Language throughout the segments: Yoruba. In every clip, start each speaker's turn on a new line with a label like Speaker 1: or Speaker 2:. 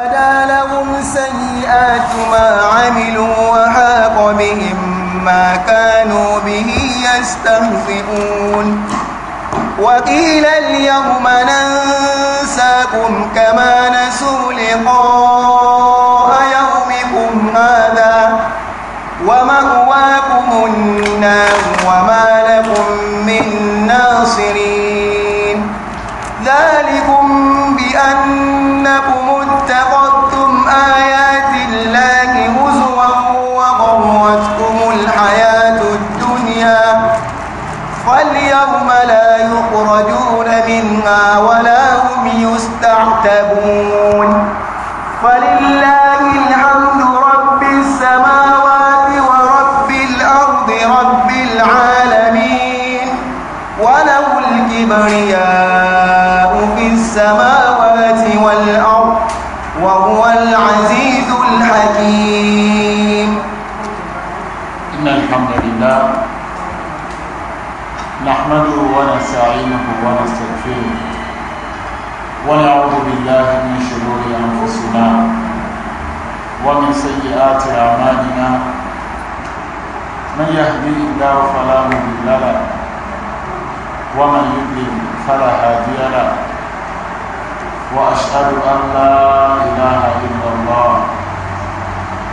Speaker 1: بدا لهم سيئات ما عملوا وحاق بهم ما كانوا
Speaker 2: أشهد ان لا اله الا الله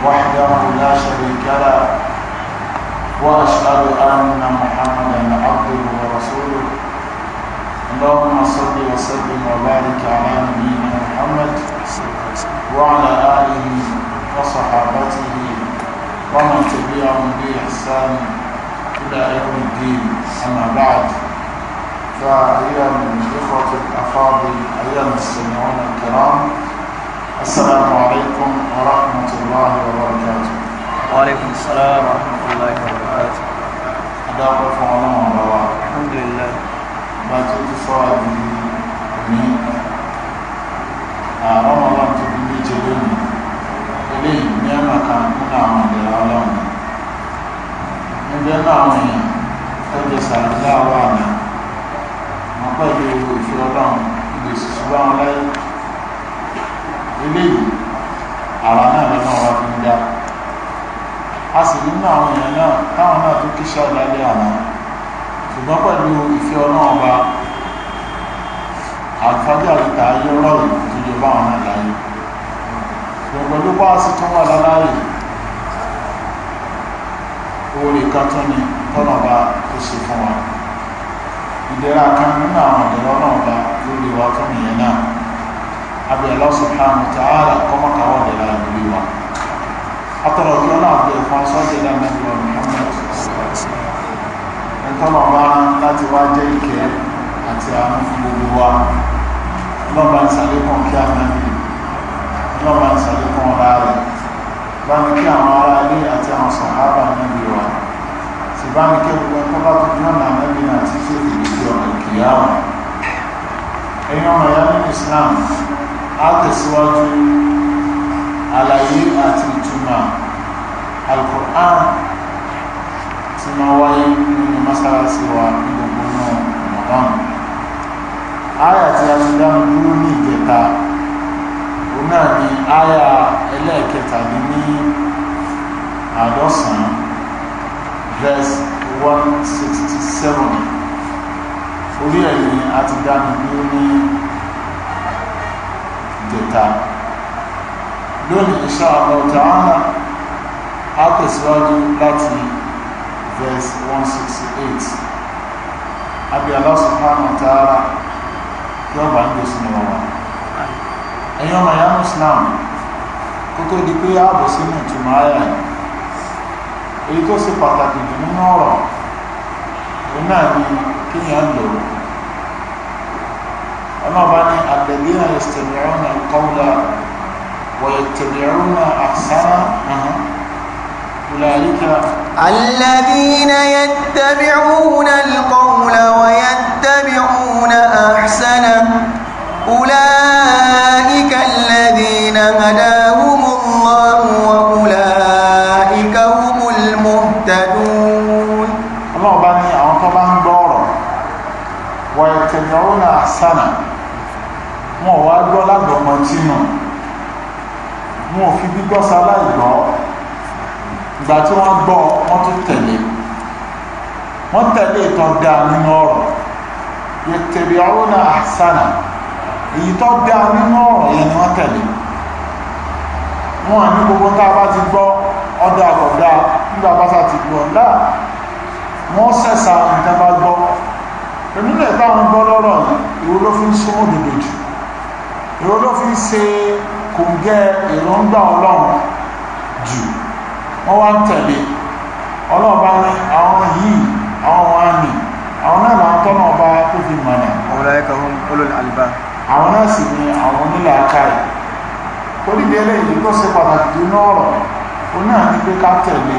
Speaker 2: وحده لا شريك له واشهد ان محمدا عبده ورسوله اللهم صل وسلم وبارك على نبينا محمد وعلى اله وصحابته ومن تبعهم باحسان الى يوم الدين اما بعد من اخوة الأفاضل أيها المستمعون الكرام السلام عليكم ورحمة الله وبركاته وعليكم السلام ورحمة الله وبركاته أداب فعلا الحمد لله باتوت صادي أمين آه، أعلم الله تبني جلوني إليه نعمة كان من عمد العالم من بين عمين الله وعلم àwọn pẹ̀lú òfin ọlọ́run ilé ṣiṣu bá wọn láyé eléyìí àwa náà lọ́nà wa fi ń dá a sì nínú àwọn èèyàn náà táwọn náà tó kíṣẹ́ ìlàlẹ́ àná ṣùgbọ́n pẹ̀lú ìfẹ́ ọlọ́run ọba àfájà àríta ayé ọlọ́run tó yẹ bá wọn náà láyé pẹ̀lú bá a sì tún wà láláyè oore kan tún ni tọ́nà bá ó ṣe fún wa ìdẹ̀ra kan nínú àwọn ìdẹ̀rọ náà dá lórí wa fún ìyẹn náà abẹ́ Allah subhanahu wa ta'ala kọ́mọ́kàwọ́ ìdẹ̀ra lórí wa atọ̀rọ̀ kí ọlọ́run àti ẹ̀fọn sọ́ọ̀sì ìdá mẹ́rin ọ̀rọ̀ Muhammad ẹ̀tọ́lọ̀ bá láti wá jẹ́ ìkẹ́ àti àánú fún gbogbo wa ọlọ́ba ń sàlékún kí a náà nìyí ọlọ́ba ń sàlékún ọ̀rá rẹ̀ bá ní kí àwọn ará ilé àti àwọn sàhábà náà wa ti bá ní kí ogun ẹkún láti ní ọ̀nà àmẹ́bí náà ti fi òfin sí ọ̀nà ìkìyàwó ẹ̀yin ọmọ ìyá nínú Islam á tẹ̀síwájú àlàyé àti ìtumọ̀ Al-Qur'an tí ma wáyé nínú mọ́sálásí wa ní gbogbo náà Ramadan áyà tí a ti dáhùn dúró ní ìjẹta òun náà ni áyà ẹlẹ́ẹ̀kẹta ní àádọ́sàn-án verse one sixty seven orí ẹ̀ ni a ti dánu bí ó ní ìjẹta lónìí insha Allah ta'ala á tẹ̀síwájú láti verse one sixty eight àbí Allah subhanahu wa ta'ala kí ọba ń gbèsè ní wọn wá ẹ̀yin ọmọ ìyá muslim kókó di pé ààbò sínú ìtumọ̀ ayà yìí èyí tó ṣe pàtàkì jù nínú ọ̀rọ̀ òun náà ni kíyàn lò ó ọlọ́ọ̀bá ní alladhina yastami'una al-qawla wa yattabi'una ahsanah
Speaker 1: أولئك الذين يتبعون القول ويتبعون أحسنه أولئك الذين هداهم يهتدون الله بني أو طبعا دورا
Speaker 2: ويتبعون أحسنا wọn wá gbọ́ lágbọ̀mọ̀ tí nù wọn ò fi gbígbọ́ sáláì gbọ́ ìgbà tí wọ́n gbọ́ wọ́n tún tẹ̀lé wọ́n tẹ̀lé ìtàn dáa nínú ọ̀rọ̀ yattabi'una ahsana èyí tó dá nínú ọ̀rọ̀ yẹn ni wọ́n tẹ̀lé wọn ní gbogbo tá a bá ti gbọ́ ọ̀dọ̀ àkọ́dá nígbà bàtà ti gbọ́ ńlá wọ́n sẹ̀sà nǹkan bá gbọ́ onílẹ̀ táwọn gbọ́ lọ́rọ̀ ìwò ló fi ń súnmọ́ dòdò jù ìwò ló fi ń ṣe kòǹgẹ́ ìrọ̀ǹgbà ọlọ́run jù wọ́n wá ń tẹ̀lé ọlọ́run bá ní àwọn yìí àwọn wá ní àwọn náà máa tọ́nà ọba tó fi mọ̀nà ọ̀rọ̀ ẹ̀kọ́ olóòlù àlùbá àwọn náà sì ni àwọn onílẹ̀ akáyì onídìí eléyìí tó ṣe pàtàkì jù náà ọ̀rọ̀ òun ní pé ká tẹ̀lé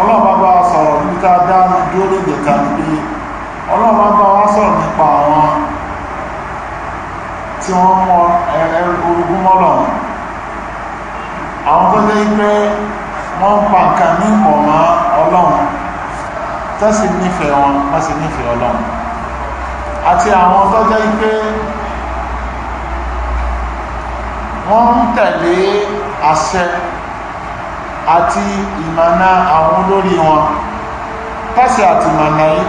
Speaker 2: ọlọ́ọ̀bá bá wa sọ̀rọ̀ níbi tá a dá dúró ní ìjẹta níbi ọlọ́ọ̀bá bá wa sọ̀rọ̀ nípa àwọn tí wọ́n mọ orogún mọ́lọ̀ àwọn tó lé pé wọ́n ń pa nǹkan ní ìpọ̀ mọ́ ọlọ́run tó sì nífẹ̀ẹ́ wọn wọ́n sì nífẹ̀ẹ́ ọlọ́run àti àwọn tó jẹ́ pé wọ́n ń tẹ̀lé àṣẹ àti ìmọ̀nà àwọn olórí wọn tọ́sí àti ìmọ̀nà yìí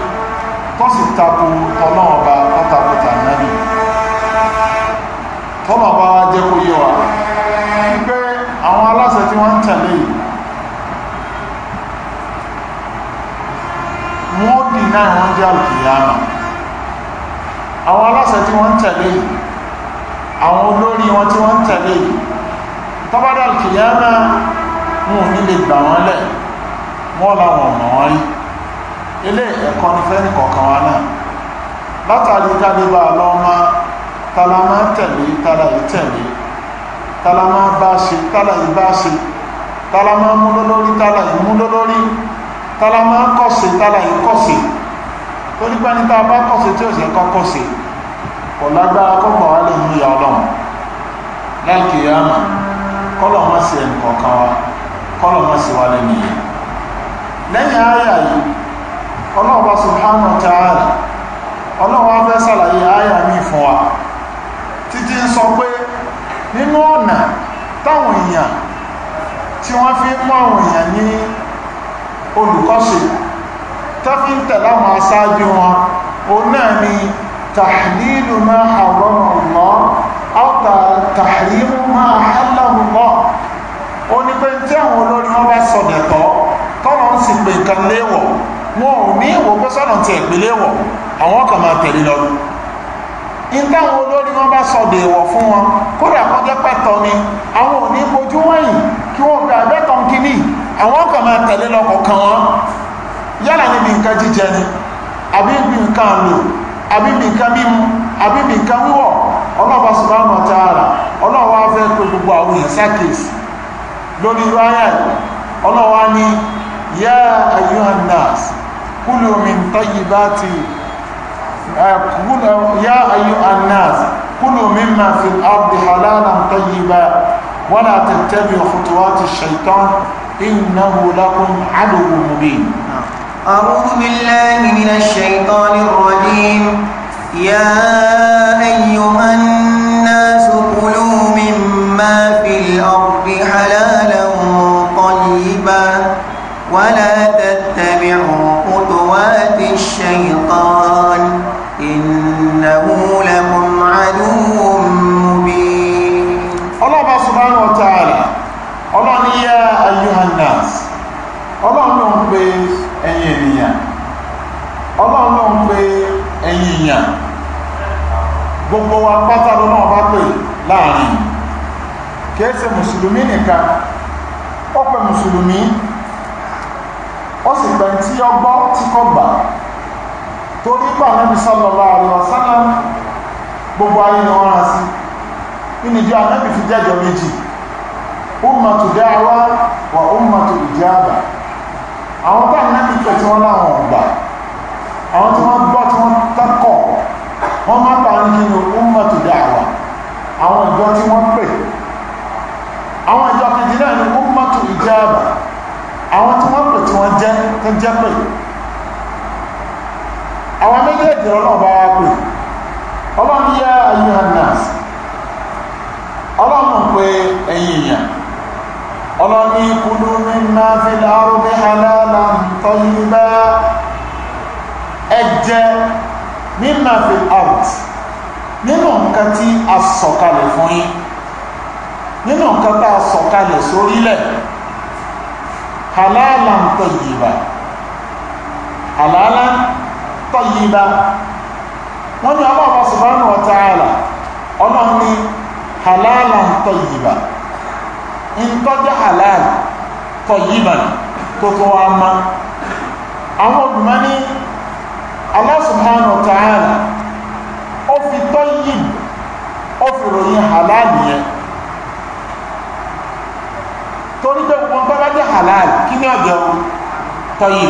Speaker 2: tọ́sí tako tọ́lọ́ọ̀ba pátákótà nábì tọ́lọ́ọ̀ba wa jẹ́ kó yé wa wípé àwọn aláṣẹ tí wọ́n ń tẹ̀lé yìí wọ́n dì náà wọ́n jẹ́ àlùkìyàmà àwọn aláṣẹ tí wọ́n ń tẹ̀lé yìí àwọn olórí wọn tí wọ́n ń tẹ̀lé tọ́bádà àlùkìyàmà wọn ò ní lè gbà wọn lẹ̀ wọn làwọn ọ̀nà wọn rí ilé ẹ̀kọ́ ní fẹ́ni kọ̀ọ̀kan wa náà látàrí kádébà lọ́mọ tala máa ń tẹ̀lé tala yìí tẹ̀lé tala máa bá ṣe tala yìí bá ṣe tala máa mú lólórí tala yìí mú lólórí tala máa kọ̀sì tala yìí kọ̀sì torí pé ní tá a bá kọ̀sì tí ò sì kọ́ kọ̀sì kò lágbára kó gbà lè mú ìyá ọlọ́run láìkè yá mà kọ́lọ́ má sí ẹnì wa kọ́lọ̀ mọ́ sí wa lẹ́nu yìí lẹ́yìn àyà yìí ọlọ́ọ̀bá subhanahu wa ta'ala ọlọ́wọ́ afẹ́ sàlàyé àyà mi fún wa títí ń sọ pé nínú ọ̀nà táwọn èèyàn tí wọ́n fi mú àwọn èèyàn ní olùkọ́sí tó fi ń tẹ̀lá wọn aṣáájú wọn òun náà ni tàhílù máa àwọ̀rọ̀ Allah aw tàhílù máa hálà ó ní pé tí àwọn olórí wọn bá sọ dẹ̀tọ́ ń sì nǹkan wọn ò ní ìwò pé sọ́nà ti ẹ̀pẹ́ léwọ̀ àwọn kan máa tẹ̀lé lọ ní táwọn olórí wọn bá sọ fún ni àwọn ò ní kí ni àbí ibi nǹkan lò àbí ibi nǹkan mímu àbí ibi nǹkan wíwọ̀ ọlọ́ọ̀bá sọ̀rọ̀ àwọn ọ̀tá ara ọlọ́ọ̀wá pé gbogbo àwọn èèyàn lórí ráyà ayá yìí ọlọ́wà ní yá ayyuhan nas kulu min ti yá ayyuhan nas kulu mimma fil ardi halalan tayyiba wala tattabi'u khutuwati shaitan
Speaker 1: innahu lakum aduwwun mubin أعوذ بالله من الشيطان الرجيم يا أيها الناس كلوا ما في الأرض حلالا طيبا ولا تتبع خطوات الشيطان إنه لكم عدو مبين الله سبحانه وتعالى الله يا
Speaker 2: أيها الناس الله نعم بيس أيها ọlọ́run ló ń pe ẹ̀yìn èèyàn gbogbo wa pátá ló náà pè láàrin kìí ṣe mùsùlùmí nìkan ó pè mùsùlùmí ó sì pẹ̀ tí ó gbọ́ tí kò gbà torí pé Ànábì sallallahu alaihi wasallam gbogbo ayé ni wọ́n rán sí nínú Ànábì fi jẹ́jọ méjì ummatu da'wa wa ummatu ijaba àwọn tá Ànábì pẹ̀ tí wọ́n láwọn ọ̀gbà àwọn tí wọ́n gbọ́ tí wọ́n tẹ́kọ̀ọ́ wọn má pa ní ummatu awa àwọn ìjọ tí wọ́n pè àwọn ìjọ kejì náà ni ó mọ́tò ìjáàbà àwọn tí wọ́n pè tí wọ́n jẹ́ tó jẹ́ pè àwọn méjèèjì ọlọ́run bá wá pè ọlọ́run yá ayélujáras ọlọ́run pé ẹ̀yìn èèyàn ọlọ́run ní kúlú ní máa fi láàrú bí aláàlá tọ́yí bá ẹjẹ́ ní máa fi out nínú nǹkan tí a sọ̀kalẹ̀ fún yín nínú nǹkan tá a sọ̀kalẹ̀ sórílẹ̀ halala ń tọ̀ yìí bá halala tọ̀ yìí bá wọ́n ní Allah subhanahu wa ta'ala ọlọ́run ní halala ń tọ̀ yìí bá ń tọ́jú halal tọ̀ yìí tó tó wá má àwọn olùmọ́ ní Allah subhanahu wa ó fi tọ́ yìí ó fi ròyìn halal yẹn torí pé wọn bá bá jẹ́ halal kí ni ọ̀jẹ̀ o tọ́yì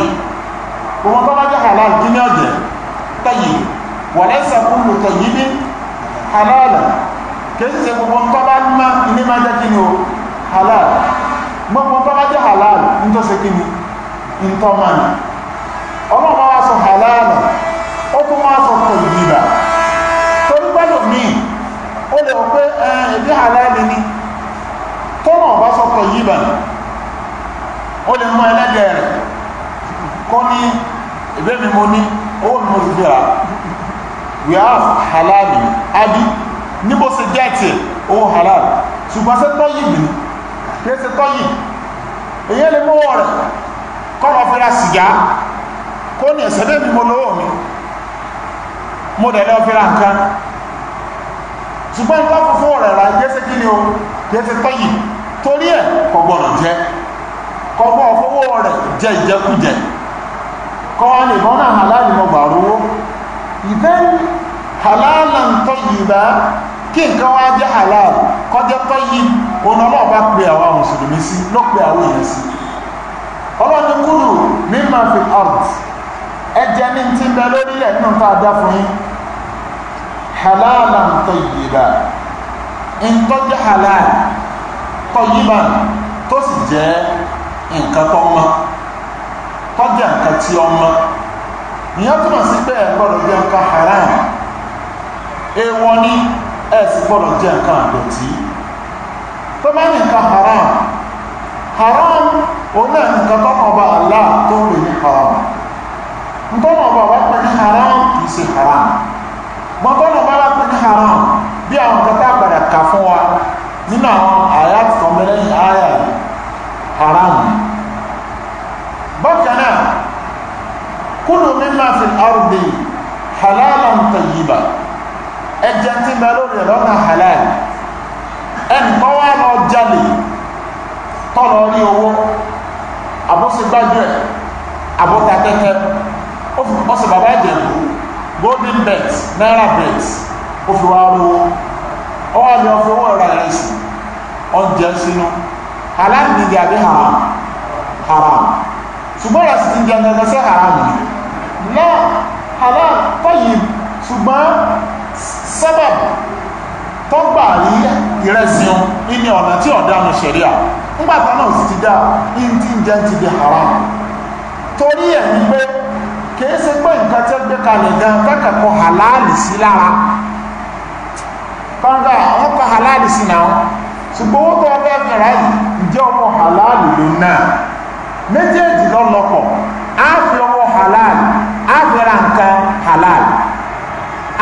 Speaker 2: wọn bá bá jẹ́ halal kí ni ọ̀jẹ̀ tọ́yì wọlé sàkúlù tọ́yì bí halal kìí ṣe gbogbo nǹkan bá ní ilé máa jẹ́ kí ni o halal gbogbo nǹkan bá jẹ́ halal nítorí ṣe kí ni nǹkan máa nì ọlọ́run máa sọ halal ó tún máa sọ tọ́yì bíbà torí pẹ́lú mi ó lè rò pé ẹ̀ẹ́dẹ́ halal ni tọ́nà ọba sọ́kọ̀ yìí bà ó lè mú ẹlẹ́gẹ̀ rẹ̀ kọ́ ní ẹgbẹ́ mi mo ní owó mi mo ti fi we have halal adi níbo ṣe jẹ́ tiẹ̀ owó halal ṣùgbọ́n ṣe tọ́ yìí bì ní kí ṣe tọ́ yìí èyí lè mú owó rẹ̀ kọ́ lọ fi ra sìgá kó ní ẹ̀sẹ̀ bẹ́ẹ̀ mi mo lówó mi mo dẹ̀ lọ́ọ́ fi ra nǹkan ṣùgbọ́n tó fún fún rẹ̀ rà jẹ́ kí ni o jẹ́ ṣe tọ́ yìí torí ẹ̀ kò gbọ́dọ̀ jẹ́ kò gbọ́dọ̀ fowó rẹ̀ jẹ́ ìjẹkújẹ kọ́ nìkan náà halal mọ̀ gbà rówó ìfẹ́ halalan tayyiba kí nǹkan wá jẹ́ halal kọjẹ́ tayyib òun ọlọ́ọ̀bá pe àwọn mùsùlùmí sí ló pe àwọn èèyàn sí ọlọ́ni kúrò mimma fil ard ẹjẹ́ ní ti bẹ lórílẹ̀ nínú tá a dá fún yín halalan tayyiba ń tọ́jú halal tọ́yìnbá tó sì jẹ́ nǹkan tó mọ́ tọ́jà nǹkan tí ó mọ́ ìyẹn túmọ̀ sí pé ẹ̀ gbọ́dọ̀ jẹ́ nǹkan haram èèwọ̀ ni ẹ̀ sì gbọ́dọ̀ jẹ́ nǹkan àdọ̀tí tó bá ní nǹkan haram haram òun náà nǹkan tó mọ̀ bá Allah tó pè ní haram nǹkan mọ̀ bá wá pè ní haram kì í ṣe haram mọ̀tọ́nà bá wá pè ní haram bí àwọn nǹkan tá a gbàdà kà fún wa nínú àwọn àyà kan bẹ́rẹ̀ ní àyà haram bákan náà kúlù mímá fi ardi halalan tayyiba ẹjẹ tí bẹ lórí lọ́nà halal ẹnì kan wá lọ jalè tọ́lọ rí owó àbúṣegbájú ẹ̀ àbúta tẹ́tẹ́ ó sì bàbá ìjẹ̀bú golden bet naira bet ó fi wá rówó ọwọ́ àmì ọ̀fọ̀ wọn ra ìrẹsì ọ̀jẹ̀ sínú halal ni gàbí haram haram ṣùgbọ́n ìrẹsì ti jẹun gẹ́gẹ́ sí haram ni lọ halal tọ́yì ṣùgbọ́n sábà tó gbà rí ìrẹsì wọn ní ọ̀nà tí ọ̀dà mi ṣẹ̀rí à nígbà tó náà sì ti dá ní ti ń jẹ́ ti di haram torí ẹ̀ ní pé kìí ṣe pé nǹkan tí ó gbé kalẹ̀ gan kẹ́kẹ̀ẹ́ halal sí lára kọ́ńdà àwọn kan halali sí náà ṣùgbọ́n owó tó ọbẹ̀ mìíràn yìí ǹjẹ́ ọmọ halali ló náà méjèèjì lọ́lọ́pọ̀ á fi ọmọ halali á fi ra nǹkan halali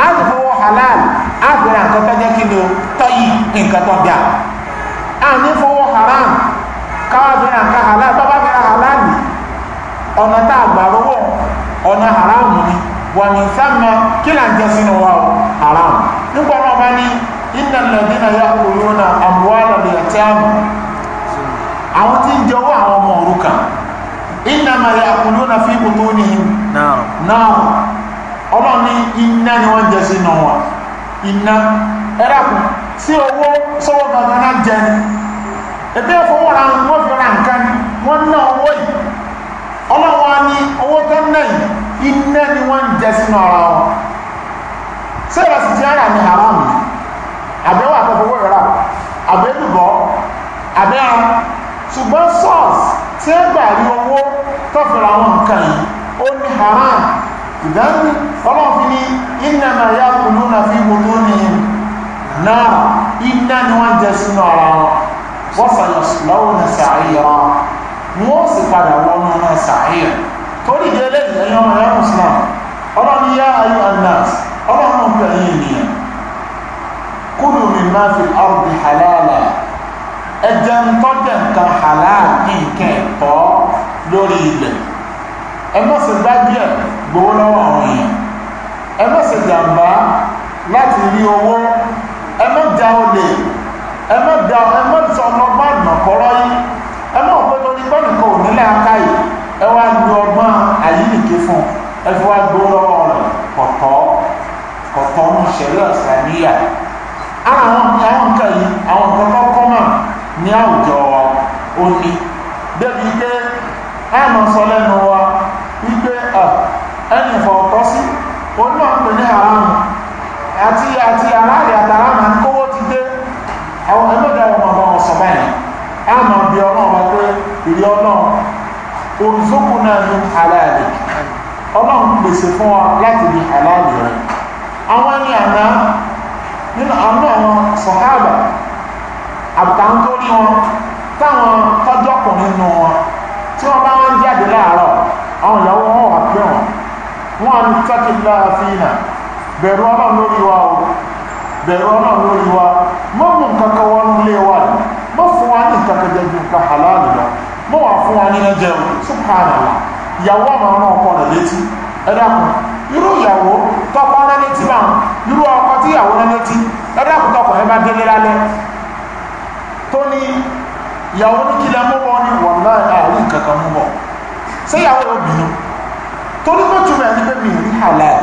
Speaker 2: á fi owó halali á fi ra nǹkan tọ́jẹ́ kí ni o tọ́yì nǹkan tó dà á ní haram káwá fi ra nǹkan halali bàbá fi ra halali ọ̀nà tá a gbà ọ̀nà haram ni wà ní sáàmà kí là ń jẹ́ sínú wa o haram nípa náà bá ní iná lẹ́dí náà yá kúrò náà àmúwá lọ́dẹ̀ àti àmì àwọn tí ń jẹ owó àwọn ọmọ òrukàn iná máa yá kúrò náà fi kúrò ní náà ọmọ ní iná ni wọ́n jẹ sínú wa iná ẹ̀dàkùn sí owó sọ́wọ́ gangan náà jẹ ni ebi ẹ̀fọwọ́ra wọ́n fi ra nǹkan wọ́n ná owó yìí ọlọ́wọ́ á ní owó tó ń ná yìí iná ni wọ́n ń jẹ sínú ara wọn ṣé ìrẹsì ti ara ní haram àbẹ̀wò àtọ́fọwọ́ ìrà àbẹ̀lùbọ́ àbẹ̀rún ṣùgbọ́n sọ́ọ̀sì tí ó gbà rí owó tọ́fìrà àwọn nǹkan yìí ó ní haram ìdánwò ọlọ́run fi ní iná máa yá kúlú náà fi gbogbo ní náà iná ni wọ́n jẹ sínú ara wọn wọ́n sàyọ̀ lọ́wọ́ ní sàárì wọn wọ́n sì padà wọ́n náà sàárì wọn torí ìdí ẹlẹ́yìn ẹ̀yọ́ ọmọ ẹ̀yọ́ islam ọlọ́run yá ayé anas ọlọ́run ń pè yín ni kúlù mi máa fi ọ̀rùn halala ẹjẹ ń tọ́jẹ̀ nǹkan halal ní nǹkan ẹ̀tọ́ lórí ilẹ̀ ẹ má ṣe gbájúẹ̀ gbowó lọ́wọ́ àwọn èèyàn ẹ má ṣe jàǹbá láti rí owó ẹ má ja olè ẹ má ja ẹ má sọ ọmọ bá ìmọ̀kọ́rọ́ yín ẹ má òpin lórí bẹ́ẹ̀ nìkan ò nílẹ̀ akáyìí ẹ wá lu ọgbọ́n àyíníke fún ẹ fi wá gbó lọ́wọ́ rẹ̀ kọ̀tọ́ kọ̀tọ́ ń ṣẹlẹ̀ ọ̀sẹ̀ níyà àwọn nǹkan yìí àwọn nǹkan tó kọ́mọ̀ ní àwùjọ wa ó ní débi pé àmọ́ sọ lẹ́nu wa wípé ẹnì fọ̀ọ̀tọ́ sí onímọ̀ ń pè ní àrámù àti àti aláàrí àtàrámà ń kówó ti dé àwọn ẹgbẹ́gbẹ́ ọmọ ọmọ ọ̀sọ̀ báyìí àmọ́ bí ọlọ́run wa pé ìrí ọlọ́run òrùzókùnà ní aláàlì ọlọ́run pèsè fún wa láti ní aláàlì rẹ̀ àwọn ní àná nínú àwọn àwọn sọ̀hábà àbùtàwọn tó rí wọn táwọn tọ́jọ́kùn nínú wọn tí wọ́n bá wọ́n jáde láàárọ̀ àwọn ìyàwó wọn wà pé wọn wọn ní tákìlá fínà bẹ̀rù ọlọ́run lórí wa o bẹ̀rù ọlọ́run lórí wa mọ́mù nǹkan kan wọ́n lé wa mọ́ fún wa ní nǹkan ju nǹkan halal lọ mọ́ wà fún wa nínú jẹun subhanallah ìyàwó àmà ọ̀nà ọkọ rẹ̀ létí ẹ̀dàkùn irú ìyàwó tọkọ nẹ́ni tí bá ń irú ọkọ tí ìyàwó nẹ́ni tí ẹ̀dàkùn tọkọ ẹ bá délé lálẹ́ tó ní ìyàwó ní kí lẹ́mú ní wọ̀n náà àárín kankan mú bọ̀ ṣé ìyàwó yóò bínú torí tó túmọ̀ ẹni pé mi rí halal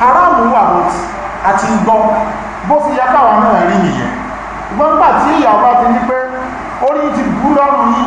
Speaker 2: haramu wà bó àti gbọ́ bó fi yá káwọn náà rí nìyẹn ìgbọ́n gbà tí ìyàwó bá ti ní pé orí ti bú yìí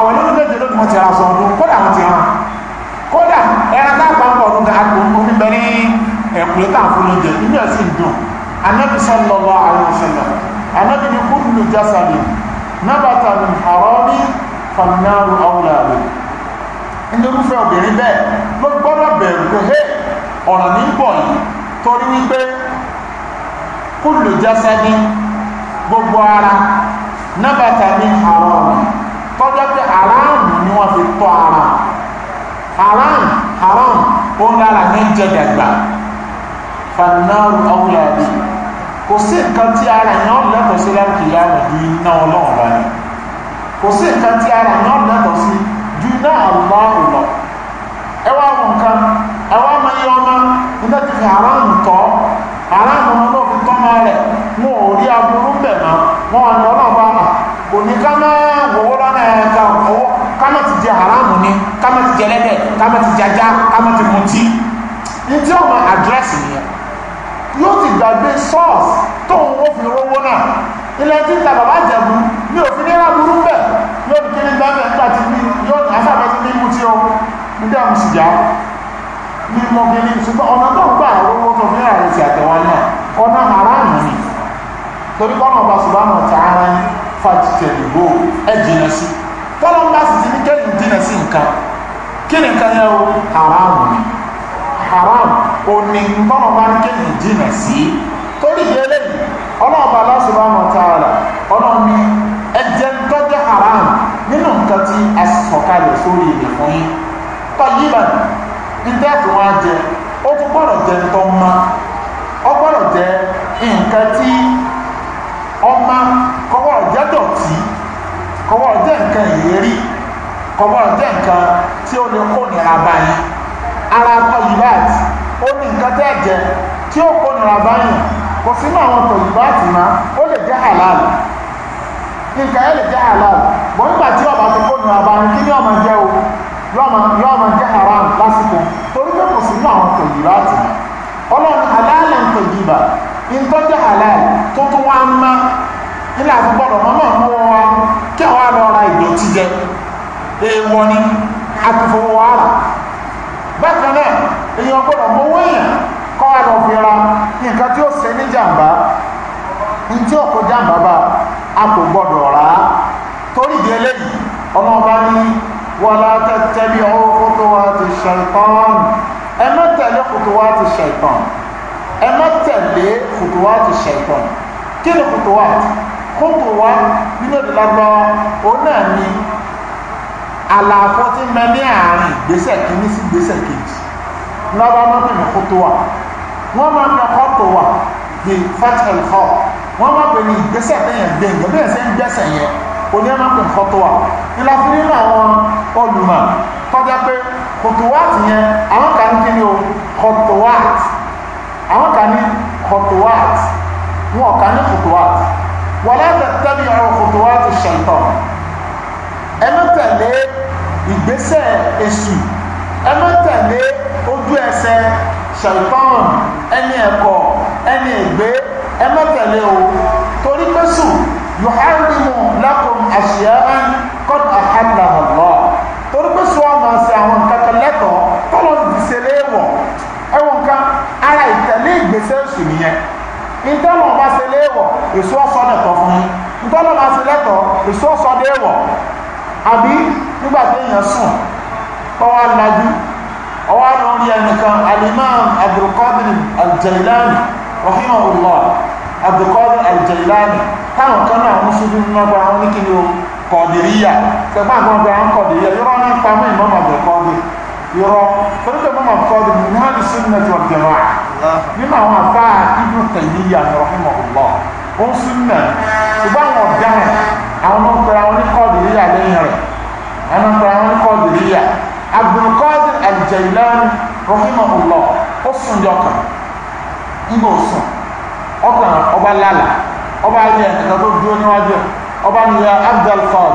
Speaker 2: àwọn ẹni méjèèjì ló mọ̀ ti ra sọ ọdún kódà àwọn ti hàn kódà ẹran tá a pa ń bọ̀ ọdún dáa kó omi bẹ ní ẹ̀kúlẹ̀ tá a fún lóúnjẹ inú ẹ̀ sì ń dùn anábì sọlọ́lọ́ àwọn ọ̀sẹ̀lẹ̀ anábì ní kúndùn jásàlì nábàtà ní àrọ́bí fàmìnàrù àwùlà rẹ̀ ndorúfẹ́ obìnrin bẹ́ẹ̀ ló gbọ́dọ̀ bẹ̀rù pé hé ọ̀rọ̀ ní bọ̀ yìí torí wípé kúndùn jásàlì gbogbo ara nábàtà ní àrọ́bí tọ́jọ́ pé aráàmù ni wọ́n fi tọ́ ara haram haram ó ń lára ní jẹ dàgbà fanáwó ọ̀gbìn àbí kò sí nǹkan tí ara yẹn ọ̀dùn lẹ́tọ̀ọ́ sí láti yá rẹ̀ ju iná ọlọ́run bá ní kò sí nǹkan tí ara yẹn ọ̀dùn lẹ́tọ̀ọ́ sí ju iná ọlọ́run lọ ẹ wá wọn nǹkan ẹ wá máa yẹ ọmọ nígbà tí fi haram tọ́ haram ọmọ náà fi tọ́ máa rẹ̀ wọn ò rí aburú bẹ̀ mọ́ wọn àná ọlọ́run bá kò ní ká máa wọ́wọ́ lọ́nà ẹ̀ka ọ̀wọ́ ká má ti jẹ haramu ni ká má ti jẹ lẹ́dẹ̀ ká má ti jajá ká má ti mutí ní tí ọmọ àdírẹ́sì nìyẹn yóò ti gbàgbé sọ́ọ̀sì tó ń wó fi rówó náà ilẹ̀ tí ń ta bàbá jẹ̀bú ní òfin ní ráburú bẹ̀ yóò ní kí ní gbàgbé nígbà tí ní yóò ní asábẹ́ ti ní mutí o ní dẹ́ mu sìjà ní mọ̀gẹ́lì ṣùgbọ́n ọ̀nà tó ń gbà rówó tó fi rà rẹ̀ ti àtẹ̀wá náà ọ̀nà haramu ni torí kọ́nà fàjìtẹ̀lìwò bụ jìnà si tọ́lọ́ bá ti ní kẹ́yìn jìnà nka nǹkan kí ni nǹkan haramu ni haramu òní tọ́lọ́ bá ní kẹ́yìn jìnà sí torí yẹlẹ ọlọ́ọ̀bà aláṣùbánu tààrà ọlọ́ọ̀ni ẹjẹ́ tọ́jẹ́ haram nínú nǹkan tí a sọ̀kalẹ̀ sórí ilẹ̀ fún yín tọ́yìnbà ọmọ kọwọ́ ọ̀jẹ́ dọ̀tí kọwọ́ ọ̀jẹ́ nǹkan ìrírí kọwọ́ ọ̀jẹ́ nǹkan tí ó lè kó nira báyìí ara tọ̀yìbáàtì ó ní nǹkan tẹ́ jẹ tí ó kó nira báyìí kò sínú àwọn tọ̀yìbáàtì náà ó lè jẹ́ halal nǹkan ẹ̀ lè jẹ́ halal bọ́n nígbà tí ọba ti kó nira báyìí kí ni ọmọ jẹ́ o yọ́ọ̀mọ jẹ́ haram lásìkò torí pé kò sínú àwọn tọ̀yìbáàtì náà ọlọ́run halal ń tọ̀yìbáàtì ìtọ́jú halal tó tún wá ń má nílẹ̀ àti gbọ́dọ̀ mọ́mọ́ mú wa kí àwọn àlọ́ ra ìdọ̀tí jẹ èèwọ̀ ni àtìfowó ara bákan náà èèyàn gbọ́dọ̀ mọ owó èèyàn kọ́ àlọ́ fi ra nǹkan tí ó ṣe ní jàǹbá ní tí ó kó jàǹbá bá a kò gbọ́dọ̀ rà á torí ìdí eléyìí ọmọ ọba ní wala tattabi'u khutuwati shaytan ẹ má tẹ̀lé khutuwati shaytan ẹ má tẹ̀lé fùtùwà ti ṣẹ̀tàn kí ni fùtùwà fùtùwà nínú èdè lágbára òun náà ni àlàfo ti mẹ ní àárín ìgbésẹ̀ kìíní sí ìgbésẹ̀ kejì lọ́ba máa pè ní fùtùwà wọ́n máa pè fùtùwà bí fatal hall wọ́n máa pè ní ìgbésẹ̀ tẹ̀yẹ̀ gbẹ̀ngẹ̀ bẹ́ẹ̀ sẹ́ ń gbẹ́sẹ̀ yẹn òní ẹ̀ máa pè ní fùtùwà ìlà fún nínú àwọn olùmọ̀ tọ́jà pé fùtùwà ti yẹn àwọn kan kí ni o fùtùwà ti àwọn kan ní kòtòwàt wọn kan ní kòtòwàt wọn láti tẹ́lẹ̀ ọ̀rọ̀ kòtòwàt ṣẹ̀tọ̀ ẹnu tẹ̀lé ìgbésẹ̀ èṣù ẹnu tẹ̀lé ojú ẹsẹ̀ ṣẹ̀tọ̀ ẹni ẹ̀kọ́ ẹni ìgbé ẹnu tẹ̀lé o torí pé ṣ èso ọ̀sọ́dẹ̀ tọ́ fún yín ntọ́lọ́ máa ṣe lẹ́tọ̀ọ́ èso ọ̀sọ́dẹ̀ ẹ̀wọ̀ àbí nígbà tí èèyàn sùn tọ́wọ́ lajú ọwọ́ àná orí ẹnìkan alimam abdulkadir aljailani rahimahullah abdulkadir aljailani táwọn kan náà mú síbi nínú ọgbà àwọn oníkìlì kọ̀dìríyà tẹ̀gbọ́n àgbọ̀n ọgbà àwọn kọ̀dìríyà yọrọ ní pamọ́ ìmọ̀mọ̀ abdulkadir yọrọ torípé mọ́mọ̀ kọ́dù ní hàn sí nẹ́tíwọ̀n jẹ̀rọ nínú àwọn àfáà ibùn tẹ̀yíyà rahimahullah ó ń sún nà ṣùgbọ́n àwọn ọ̀daràn àwọn ọmọ pẹ̀lú àwọn oníkọ́ọ̀dù yíyà lẹ́yìn rẹ̀ àwọn ọmọ pẹ̀lú àwọn oníkọ́ọ̀dù yíyà Abdulkadir Al-Jailani rahimahullah ó sùn jọkàn nígbà òsùn ọkàn ọba lálà ọba ní ẹ̀ka tó dúró níwájú ọba ní ya Abdulkadir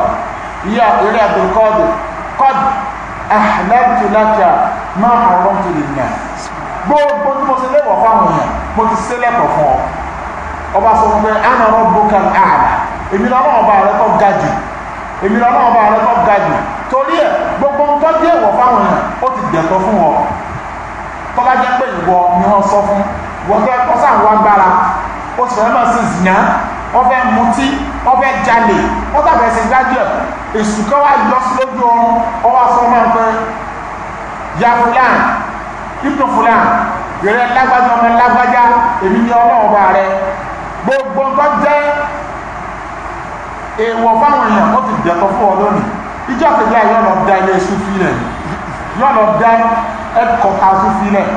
Speaker 2: yíyà eré Abdulkadir kọ́d ahlaltu laka ma haramtu lin-nas gbogbo tí mo ṣe lẹ́kọ̀ọ́ fáwọn èèyàn mo ti ṣe lẹ́kọ̀ọ́ fún ọ ọba sọ fún pé ana rabbuka al-a'la èmi náà náà ọba rẹ kọ́ ga jù èmi náà náà ọba rẹ kọ́ ga jù torí ẹ gbogbo nǹkan bí ẹ̀wọ̀ fáwọn èèyàn ó ti dẹ̀tọ́ fún wọn tọ́lá jẹ́ pé ìwọ ni wọ́n sọ fún wọ́n fẹ́ kọ́sà ń wá gbára ó sì fẹ́ máa sì zìnà wọ́n fẹ́ mutí wọ́n fẹ́ jalè wọ́n tàbí ẹsẹ̀ gbájú ẹ̀ èsù kan wá yọ sí lójú ọrùn ọ wá sọ máa ń pẹ́ ya fulan ibnu fulan yẹrẹ lágbájá ọmọ lágbájá èmi ni ọlọ́ọ̀bá rẹ gbogbo tó jẹ́ èèwọ̀ fáwọn èèyàn wọ́n ti dẹ̀tọ̀ fún ọ lónìí ìjọ kejì àyọ̀ lọ da ilé iṣu filẹ̀ yọ̀ lọ da ẹ̀kọ́ kaṣu filẹ̀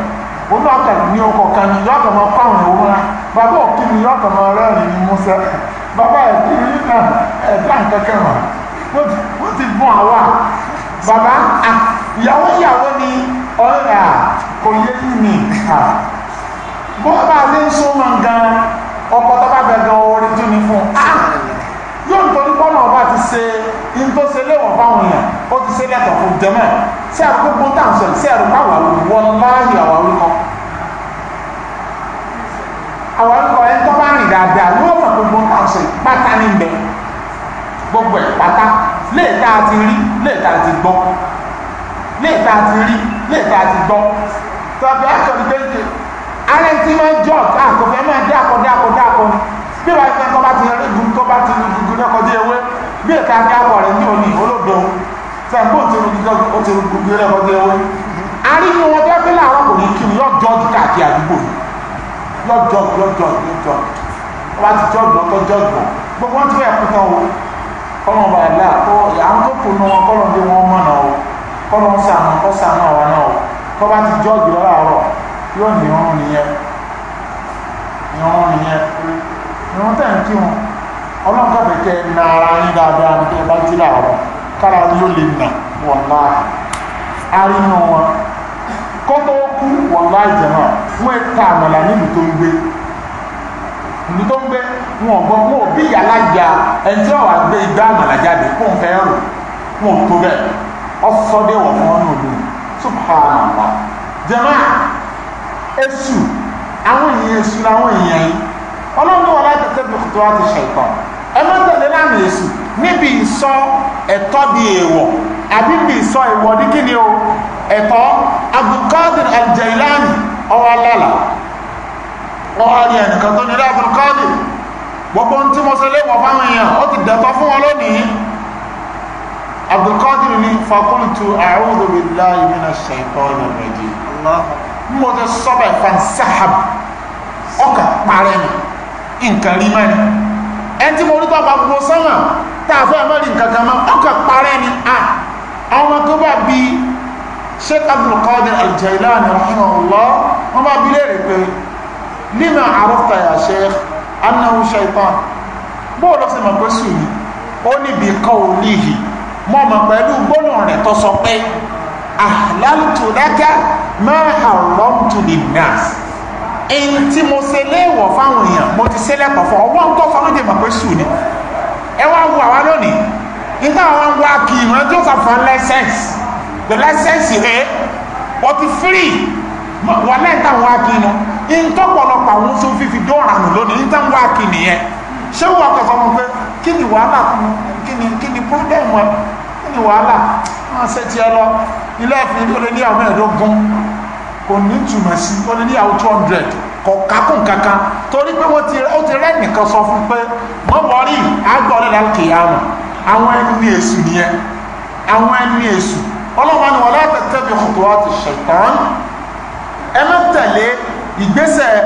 Speaker 2: olú ọ̀kẹ́ ní ọkọ̀ kan ní yọ̀ kọ̀ mọ́ fáwọn èèwọ̀ rẹ̀ bàbá òkú ni yọ̀ kọ̀ mọ́ rẹ́rìn ní Musa bàbá ẹ̀kú ní náà ẹ̀dá kẹ́kẹ́ wà wọ́n ti bọ̀ àwa bàbá ìyàwó ìyàwó ni ọ̀rẹ́ à kò yé mi à bọ́ọ̀ bá a lè gan-an ọkọ tó bá bẹ̀rẹ̀ orí tún ní fún ah, ah. yóò nítorí pọ́nà ọba ti ṣe in tó ṣe léwọ̀n fáwọn èèyàn ó ti ṣe lẹ́tọ̀ fún jẹ́mẹ̀ sí àgbógbó tá à ń sọ sí àrùn bá wàá wọ́n láàyè àwárí kan àwárí kan ẹni tó bá rìn dáadáa ló mọ̀ gbogbo tá à ń sọ pátá ní ibẹ̀ gbogbo ẹ̀ pátá léèta ti rí léèta ti gbọ́ léèta ti rí léèta ti gbọ́ tọ́jú àjọ ìgbẹ́jẹ́ alẹ́ tí máa ń jọ ọ̀ká àkọ́fẹ́ máa dé akọ dé akọ dé akọ bí wàá fẹ́ kọ́ bá ti rẹ́ ju kọ́ bá ti dúdú ní ọkọ̀ dé ewé bí èka dé akọ rẹ̀ ní òní olódo sẹ́ńkó ti rú dídọ́ ó ti rú dúdú ní ọkọ̀ dé ewé. arínú wọn tó fẹ́ làwọn kò ní kí ni yóò jọ́ káàkiri àdúgbò yóò jọ́ yóò jọ́ yóò jọ́ wọ́n bá ti jọ́ gbọ́n tó jọ́ gbọ́n gbogbo wọn ti fẹ́ kú tán o kọ́nà ọba ẹ̀dá kó kọ́ bá ti jọ́ gbọ́n láàárọ̀ yóò ní ọrùn nìyẹn ní ọrùn nìyẹn ní wọ́n tẹ̀ ń kí wọn ọlọ́run kàbẹ̀ kẹ́ na ara yín dáadáa ní kẹ́ bá jí làárọ̀ kára yóò lè nà wọ̀n láàá arínú wọn kọ́tọ́ kú wọ̀n láì jẹ̀mọ́ wọ́n ẹ̀ ta àmàlà nílùú tó ń gbé ní tó ń gbé wọn ò gbọ́ wọn ò bí ìyá lájà ẹni tí wọ́n wá gbé igbá àmàlà jáde kó ń fẹ́ rò wọn ò tó bẹ́ẹ̀ ọ̀sọ́dẹ̀ wọ̀ fún ọ́nà òdùn subhanallah jẹ̀mọ́ èṣù àwọn èèyàn èṣù làwọn èèyàn yìí ọlọ́run wà láti tẹ́tẹ́ bùkútù wá ti ṣàìtọ́ ẹ má tẹ̀lé lánà èṣù níbi ìsọ ẹ̀tọ́ di èèwọ̀ àbí níbi ìsọ èèwọ̀ ní kíni o ẹ̀tọ́ Abdulkadir al ọwọ́ lálà ọwọ́ rí ẹnìkan tó nílé Abdulkadir gbogbo ohun tí mo ṣe léwọ̀ fáwọn èèyàn ó ti dẹ̀tọ́ fún wọn lónìí abdulkadir ni fakultu a'udhu billahi minash shaitani rajim mo ti sọ́bẹ̀ fansahab ọkà parẹ́ ni nǹkan rí mẹ́rin ẹni tí mo rí tọ́ bá gbogbo sọ́nà tá a fẹ́ mẹ́rin kankan mọ́ ọkà parẹ́ ni a àwọn tó bá sheikh abdulkadir al-Jailani rahimahullah bá bí léèrè pé lima arafta ya sheikh annahu shaitan bóòlù ọ̀sẹ̀ mọ̀ pé sùn ni ó níbi kọ́ òlíhìí mo mọ̀ pẹ̀lú gbólóhùn rẹ̀ tó sọ pé ahlaltu laka ma haramtu linnas èyí tí mo ṣe léèwọ̀ fáwọn èèyàn mo ti ṣe lẹ́kọ̀ọ́ fún ọwọ́ ń kọ́ fáwọn èèyàn mọ̀ pé sùn ni ẹ wá wo àwa lónìí nígbà wọn wá kì wọn tó fàfà lẹ́sẹ̀nsì the lẹ́sẹ̀nsì rẹ̀ wọ́n ti free wọ́n lẹ́ta wá kì í nu ní tọ́pọ̀lọpọ̀ àwọn oṣù fífi dọ́ọ̀ràn lónìí ní tán wá kì í nìyẹn ṣé wọ́n kọ̀ sọ́mọ pé kí ni wàhálà fún kí ni kí ni problem ẹ kí ni wàhálà wọn ṣe tiẹ̀ lọ ilé ẹ̀fìn ó lé ní àwọn mẹ́ẹ̀ẹ́dógún kò ní ìtumọ̀ sí ó lé ní àwọn two hundred kò kákùn kankan torí pé wọ́n ti ó ti rẹ́ nìkan sọ fún pé wọ́n wọrí àgbọ̀ ọ̀lẹ́dà kìyàmù àwọn ẹni èṣù nìyẹn àwọn ẹni èṣù ọlọ́wọ́n ni wọ́n látẹ̀tẹ̀ bí kòtò wá ti ṣẹ̀tàn ẹ má ìgbésẹ̀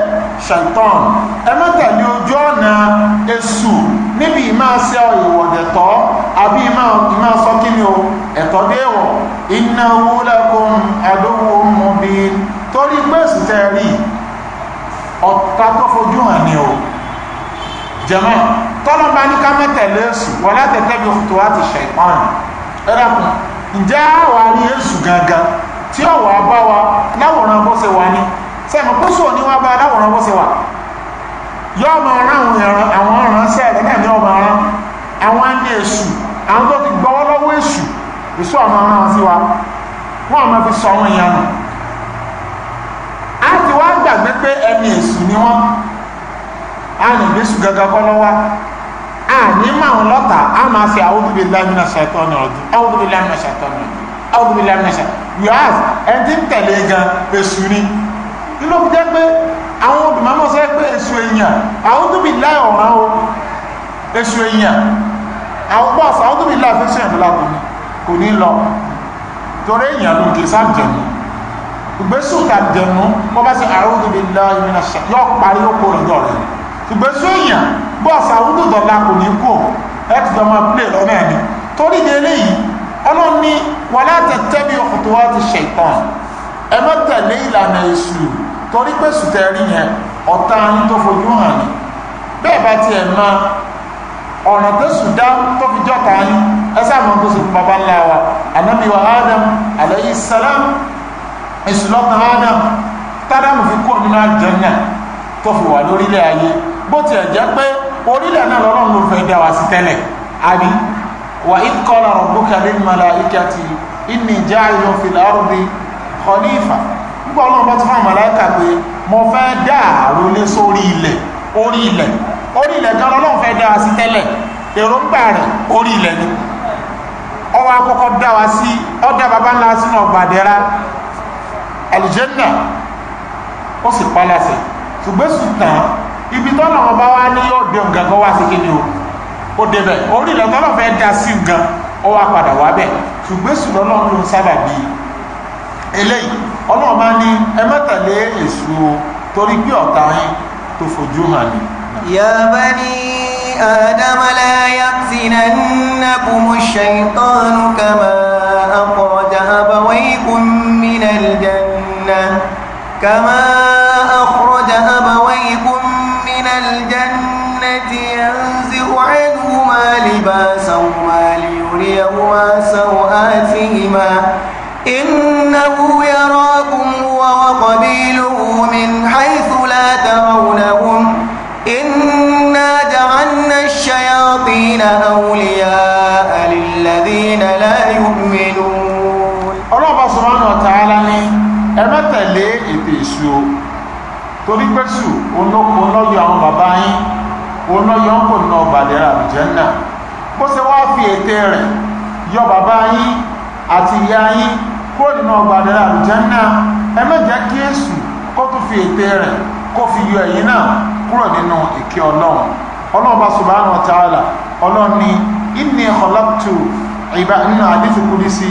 Speaker 2: ṣàìtàn ẹ ojú ọ̀nà èṣù níbi ìmáa ṣe ìwọ̀dẹ̀tọ́ àbí ìmáa sọ kí ni o ẹ̀tọ́ déwọ̀ innahu lakum aduwwun mubin torí pé èṣù tẹ́ tó fojú hàn ni o jẹ́mọ́ tọ́lọ́mbà ní ká má tẹ̀lé èṣù wala tatabi khutuwati ṣàìtàn ẹ̀rọ̀kùn ǹjẹ́ àwárí èṣù gangan tí ọ̀wọ̀ abáwa láwòrán bó ṣe wà ní sẹ́mi kó sùn ní wọ́n bá aláwòrán bó ṣe wà yóò máa rán àwọn ìran àwọn ìránṣẹ́ rẹ̀ náà ní ọmọ ọ̀rán àwọn ẹni èṣù àwọn tó ti gbọ́wọ́ lọ́wọ́ èṣù èṣù àwọn ọ̀rán wọn sí wa wọ́n àmọ́ fi sọ àwọn èèyàn nù á ti wá gbàgbé pé ẹni èṣù ni wọ́n á ní ìgbésù gangan kọ́ lọ́wọ́ á ní mọ àwọn lọ́tà á máa fi àwọn òbí lẹ́mí náà ṣètò ọ̀nà ọ̀dún àwọn òbí lẹ́mí náà ṣètò ọ̀nà ọ̀dún àwọn òbí lẹ́mí náà ṣètò ọ̀nà ló fi jẹ́ pé àwọn olùmọ́mọ́ sọ pé èso èèyàn àwọn tó bí láì ọ̀ràn o èso èèyàn àwọn pọ́ọ̀sì àwọn tó bí láì fẹ́ sẹ́yìn lọ́la kò ní lọ torí èèyàn ló kì í sáàjẹ̀nù ìgbésù tàjẹ̀nù bọ́ bá sì àwọn tó bí láì nínú ṣe yọ parí oko lọ́dọ̀ rẹ̀ ìgbésù èèyàn bọ́ọ̀sì àwọn tó dọ̀la kò ní kú ẹ̀ ti dọ̀ máa pílẹ̀ lọ́nà ẹni torí ní eléyìí ọlọ́run ní wàlá tẹ̀tẹ́ bí ọkùnrin tó wá ti ṣe ẹ má tẹ̀lé ìlànà èṣù torí pé sùtẹ̀rí yẹn ọ̀tá yín tó fojú hàn ní bẹ́ẹ̀ bá tiẹ̀ mọ ọ̀nà tó sùdá tó fi jọ́ta yín ẹ sáàmù tó sì bàbá ńlá wa ànábì wa Adam alayhi salam ìsúlọ́tàn Adam tádàmù fi kó nínú àjẹnà tó fi wà lórílẹ̀ ayé bó tiẹ̀ jẹ́ pé orílẹ̀ náà lọ́rùn ló fẹ́ dá wa sí tẹ́lẹ̀ àbí wa idh qala rabbuka lil malaikati inni ja'ilun fil ardi khalifa nígbà ọlọ́run bá ti fún àmàlẹ́kà pé mo fẹ́ dá àrólé sórí ilẹ̀ orí ilẹ̀ orí ilẹ̀ kan lọ́lọ́run fẹ́ dá wa sí tẹ́lẹ̀ èròǹgbà rẹ̀ orí ilẹ̀ ni ọwọ́ akọ́kọ́ dá wa sí ọ̀dà baba ńlá sínú ọgbàdẹ́ra alìjẹ́nà ó sì palasẹ̀ ṣùgbọ́n sùtàn ibi tọ́nà ọba wa ní ọ̀dẹ̀ nǹkan kan wá sí kí ni o ó débẹ̀ orí ilẹ̀ tọ́nà fẹ́ dá sí nǹkan ó wá padà wá bẹ̀ ṣùgbọ́n sùtàn náà ló ń sábà bíi eléyìí ọlọ́run bá ní ẹ má tẹ̀lé èṣù o torí bí ọ̀tá yín tó fojú hàn ní.
Speaker 1: ya bani adama la yaftinannakumu shaytanu kama akhraja abawaykum minal jannah kama akhraja abawaykum minal jannati yanzi'u anhuma libasahuma liyuriyahuma sawatihima inna وقبيله من حيث لا ترونهم إنا جعلنا الشياطين أولياء للذين لا يؤمنون الله سبحانه وتعالى ẹmẹ́tẹ̀ lé
Speaker 2: ètè èṣù o torí pẹ́sù onókun lọ́yọ̀ àwọn bàbá yín onóyọ̀ ń kò ná ọ̀bàdẹ̀ àbújẹ́ bó ṣe wá fi ètè rẹ̀ yọ bàbá yín àti ìyá yín kúrò nínú ọgbà àdàrà àlùjánnà ẹ má jẹ́ kí èṣù kó tún fi ète rẹ̀ kó fi yọ ẹ̀yin náà kúrò nínú ìkẹ́ ọlọ́run ọlọ́run bá subhanahu wa ta'ala ọlọ́run ni inni khalaqtu ìbá nínú hadith qudsi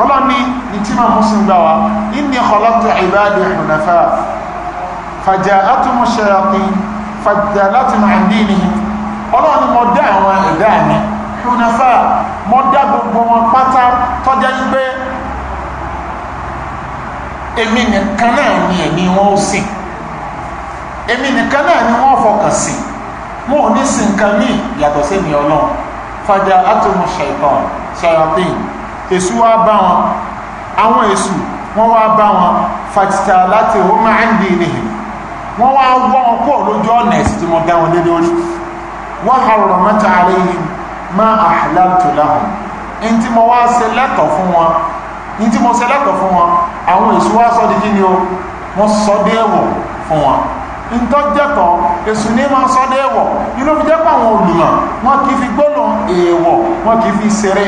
Speaker 2: ọlọ́run ni ní tí máa mùsùlùmí gbà wá inni khalaqtu ibadi hunafa faja'atumu shayatin fadalatun an dinihim ọlọ́run ni mo dá àwọn ẹ̀dá mi hunafa mo dá gbogbo wọn pátá tọ́jà yí pé èmi nìkan náà ni ẹ̀mí wọn ó sìn èmi nìkan náà ni wọ́n fọkàn sí wọn ò ní sìn nǹkan míì yàtọ̀ sẹ́mi ọlọ́run fàjà átòmù ṣàìtàn ṣàyàtìn èṣù wá bá wọn àwọn èṣù wọ́n wá bá wọn fàtìtà láti ó máa ń di nìyí wọ́n wá wọ́ wọn kó lójú ọ̀nà ẹ̀sìn tí mo dá wọn lé lórí wọ́n harọ̀rọ̀ mẹ́ta àríyìn má àhàlá tó láhùn ní tí mo wá ṣe lẹ́tọ̀ fún wọn ní tí mo ṣe lẹ́tọ̀ fún wọn àwọn èso wá sọ di kí ni o wọ́n sọ dé ẹ̀wọ̀ fún wọn ntọ́jẹ́tọ̀ èsù ní máa sọ dé ẹ̀wọ̀ inú fi jẹ́ pé àwọn olùmọ̀ wọn kì í fi gbọ́nà èèwọ̀ wọn kì í fi ṣeré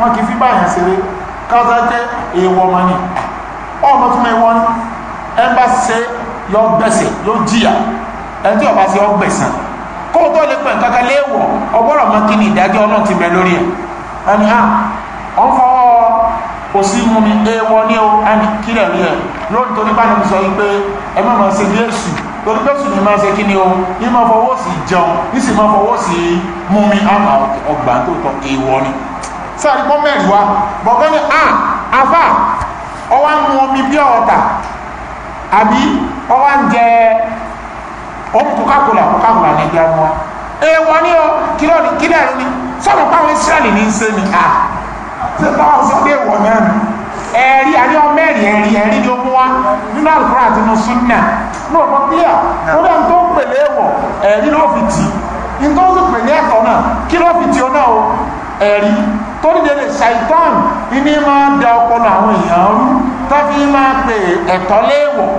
Speaker 2: wọn kì í fi báyàn ṣeré káza jẹ́ èèwọ̀ mọ́ ni ọmọ tún mẹ́wọ́ ni ẹ bá ṣe yọ gbẹ̀sẹ̀ yóò jìyà ẹ tí ọba ṣe yọ gbẹ̀sán kó tó lè pẹ̀ kankan léèwọ̀ ọgbọ́dọ̀ mọ́ kí ni ìdájọ́ ọlọ́run kò sí mú mi ewọ ní o ẹni kílẹ̀ rí ẹ lóòótọ́ torí bá nínú sọ yìí ẹ má máa ṣe bí èṣù torí pé èṣù ni máa ṣe kí ni o ní máa fọwọ́ sí jẹun ní sì máa fọwọ́ sí mú mi àmà ọgbà tó tọ ewọ ni sáré bọ́ mẹ́rin wa bọ̀gán ni a afa ọwọ́ ń mu omi bí ọ̀tà àbí ọwọ́ ń jẹ ọmọ Coca-Cola Coca-Cola ní ẹgbẹ́ wọn ewọ ni o kílẹ̀ rí ni sọ̀rọ̀ pàwọn Israẹli ní í ṣe ni a
Speaker 1: tí báwọn sọ pé wọ̀ náà
Speaker 2: ẹ̀rí àní ọmọ ẹ̀rí ẹ̀rí ẹ̀rí ni ó mú wá nínú àlùkùrá àti nínú súnà ní ọ̀pọ̀ pílíà ó dẹ̀ tó ń pèlè ẹ̀wọ̀ ẹ̀rí ló fi tì í tó sì pèlè ẹ̀tọ́ náà kí ló fi tì ó náà o ẹ̀rí tó dìde lè ṣàìtàn ní máa da ọpọlọ àwọn èèyàn rú tó fi máa pè ẹ̀tọ́ léèwọ̀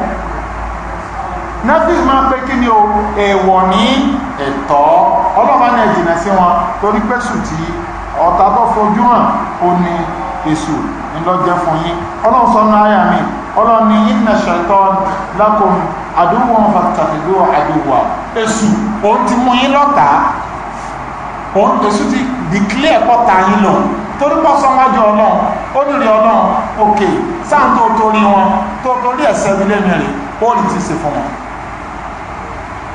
Speaker 2: nafis máa pé kí ni o èèwọ̀ ní ẹ̀tọ́ ọlọ́ba náà jìnnà sí wọn torí pé tí ọ̀tá tó fojú hàn ó ní èṣù ńlọ́jẹ́ fún yín ọlọ́run sọ́nà àyà mi ọlọ́run ní inna shaitan lakum aduwwun fàtàkìlú aduwwa èṣù òun ti mú yín lọ́ta òun èṣù ti dìklẹ́ pọ́ta yín lọ torí pọ́ sọ́wájú ọlọ́run ó nílé ọlọ́run òkè sáà tó torí wọn tó torí ẹ̀sẹ̀ ilé mi rè ó rí ti ṣe fún wọn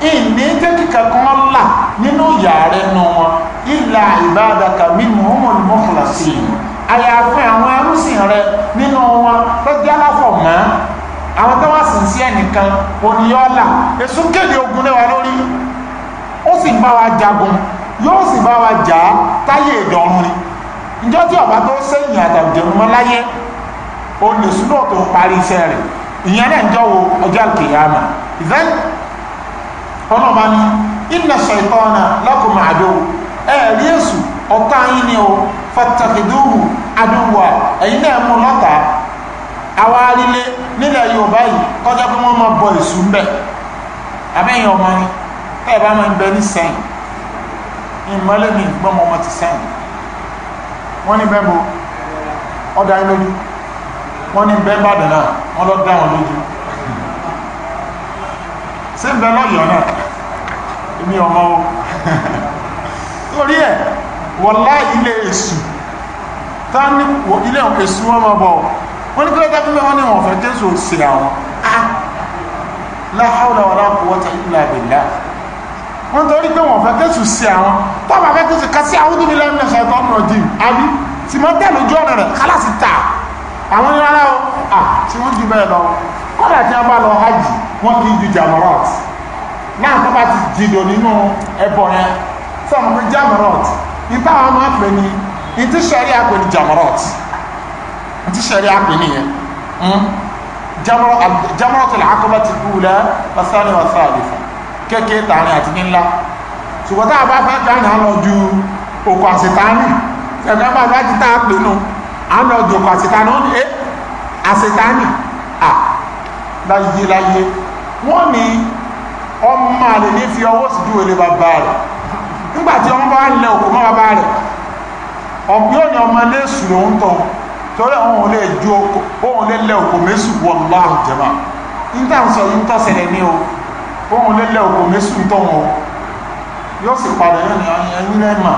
Speaker 2: ìní jẹ́ kíkà kan là nínú ìyà rẹ̀ nù wọn ìlà ìbádaka minhumul mukhlasin àyàfẹ́ àwọn ẹrúsìn rẹ̀ nínú wọn tó jẹ́ aláfọ̀ mọ́ àwọn tó wá sìn sí ẹnìkan oníyọ́là èso kéde ogun lẹ́wà lórí ó sì bá wa jagun yóò sì bá wa jà á táyé ìdọ̀rùn ni ìjọ tí ọba tó sẹ́yìn àtàjẹ̀rù mọ́ láyé olùsúlọ̀ tó parí iṣẹ́ rẹ̀ ìyẹn náà ń jọ́wọ́ ọjọ́ àkèyàmà ìfẹ́ ọlọ́ba ni inna shaytana lakum ni o fatakiduhu adúwà ẹ̀yin náà mú lọ́tà àwa nílẹ̀ yorùbá yìí kọjá pé wọ́n máa bọ ọmọ ni ẹ̀ bá máa ń bẹ ní sẹ́yìn ìmọ̀lẹ́ mi gbọ́mọ ọmọ ti sẹ́yìn wọ́n ní bẹ́ẹ̀ bo ọ̀dà yín wọ́n ní bẹ́ẹ̀ náà wọ́n lójú ṣé ń bẹ lọ́yọ̀ náà èmi ọmọ o torí ẹ̀ wọ̀lá ilé èṣù tá ní ilé èṣù wọn mọ̀ bọ̀ wọ́n ní kílẹ̀ tẹ́fí mẹ́wọ́n ní wọ́n fẹ́ jésù ṣe àwọn la hawla wala quwwata illa billah wọ́n torí pé wọ́n fẹ́ jésù ṣe àwọn tọ́ba fẹ́ jésù kásí àwọn tó ní lẹ́nu ẹ̀ṣẹ̀ tó ń rọ̀ dì àbí tí mọ́ tẹ̀ lójú ọ̀nà rẹ̀ kálásì ta
Speaker 1: àwọn ní rárá o
Speaker 2: à tí wọ́n ju bẹ́ẹ̀ lọ kọ́dà tí wọ́n bá lọ hajj wọ́n kì í ju jamarat náà tó bá ti jìdò nínú ẹbọ yẹn sọ̀rọ̀ pé jamarat ìta àwọn máa pè ní ìtí sẹ́rí àpè ní jamarat ìtí sẹ́rí àpè nìyẹn hmm? jamarat al-aqaba ti kú lẹ́ wasani wasani kékeré tààrin àti nílá ṣùgbọ́n tá a bá fẹ́ dáná lọ ju òkú àṣetánì ẹ̀gbẹ́ bá bá ti tá a pè nù à ń òkú àṣetánì ó ní ẹ́ àṣetánì à láyé láyé wọ́n ní ọmọ àlè ní fi ọwọ́ sí dúwèlé bàbá rẹ̀ nígbàtí ọmọ bá lẹ òkú mọ́ bàbá rẹ̀ ọ̀pí ò ní ọmọ lé sùn lòún tán torí àwọn òun lè ju òun lè lẹ òkú mẹ́sù wọ́n láàrùn jẹ́mà nígbà sọ yìí ń tọ́sẹ̀lẹ̀ ní o òun lè lẹ òkú mẹ́sù tán o yóò sì padà yóò ní ẹyin lẹ́mà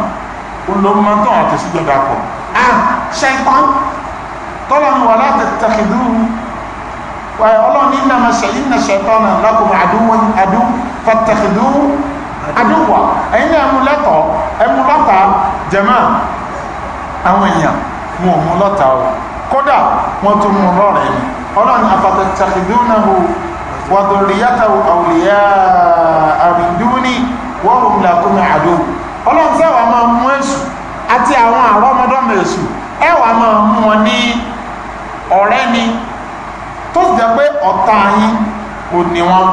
Speaker 2: olómọ tán àtẹ̀síjọba pọ̀ ah ṣẹ́ńtán tọ́lá ń wà látẹ̀tẹ̀kẹ̀dúró ọlọ́run iná ma ṣẹ̀yìn na ṣẹ̀tọ́nà lọ́kùnrin àdúwọ̀n àdú fàtàkìdú àdúwà ẹ̀yìn ẹ̀mú lẹ́tọ̀ ẹ̀mú lọ́ta jẹ̀mọ́ àwọn èèyàn wọn ò mú lọ́ta o kódà wọn tún mú lọ́rẹ̀ ni ọlọ́run àfàtàkìdú náà hù wàdùnrìyàtàwù àwùlìyà àrìndúní wọ́n hùn làkùnrin àdú ọlọ́run sẹ́wàá máa mú èṣù àti àwọn àrọ́mọdọ́mọ èṣù ẹ̀wàá máa mú wọn ní ọ̀rẹ́ ni tó sì jẹ́ pé ọ̀tá yín ò ní wọn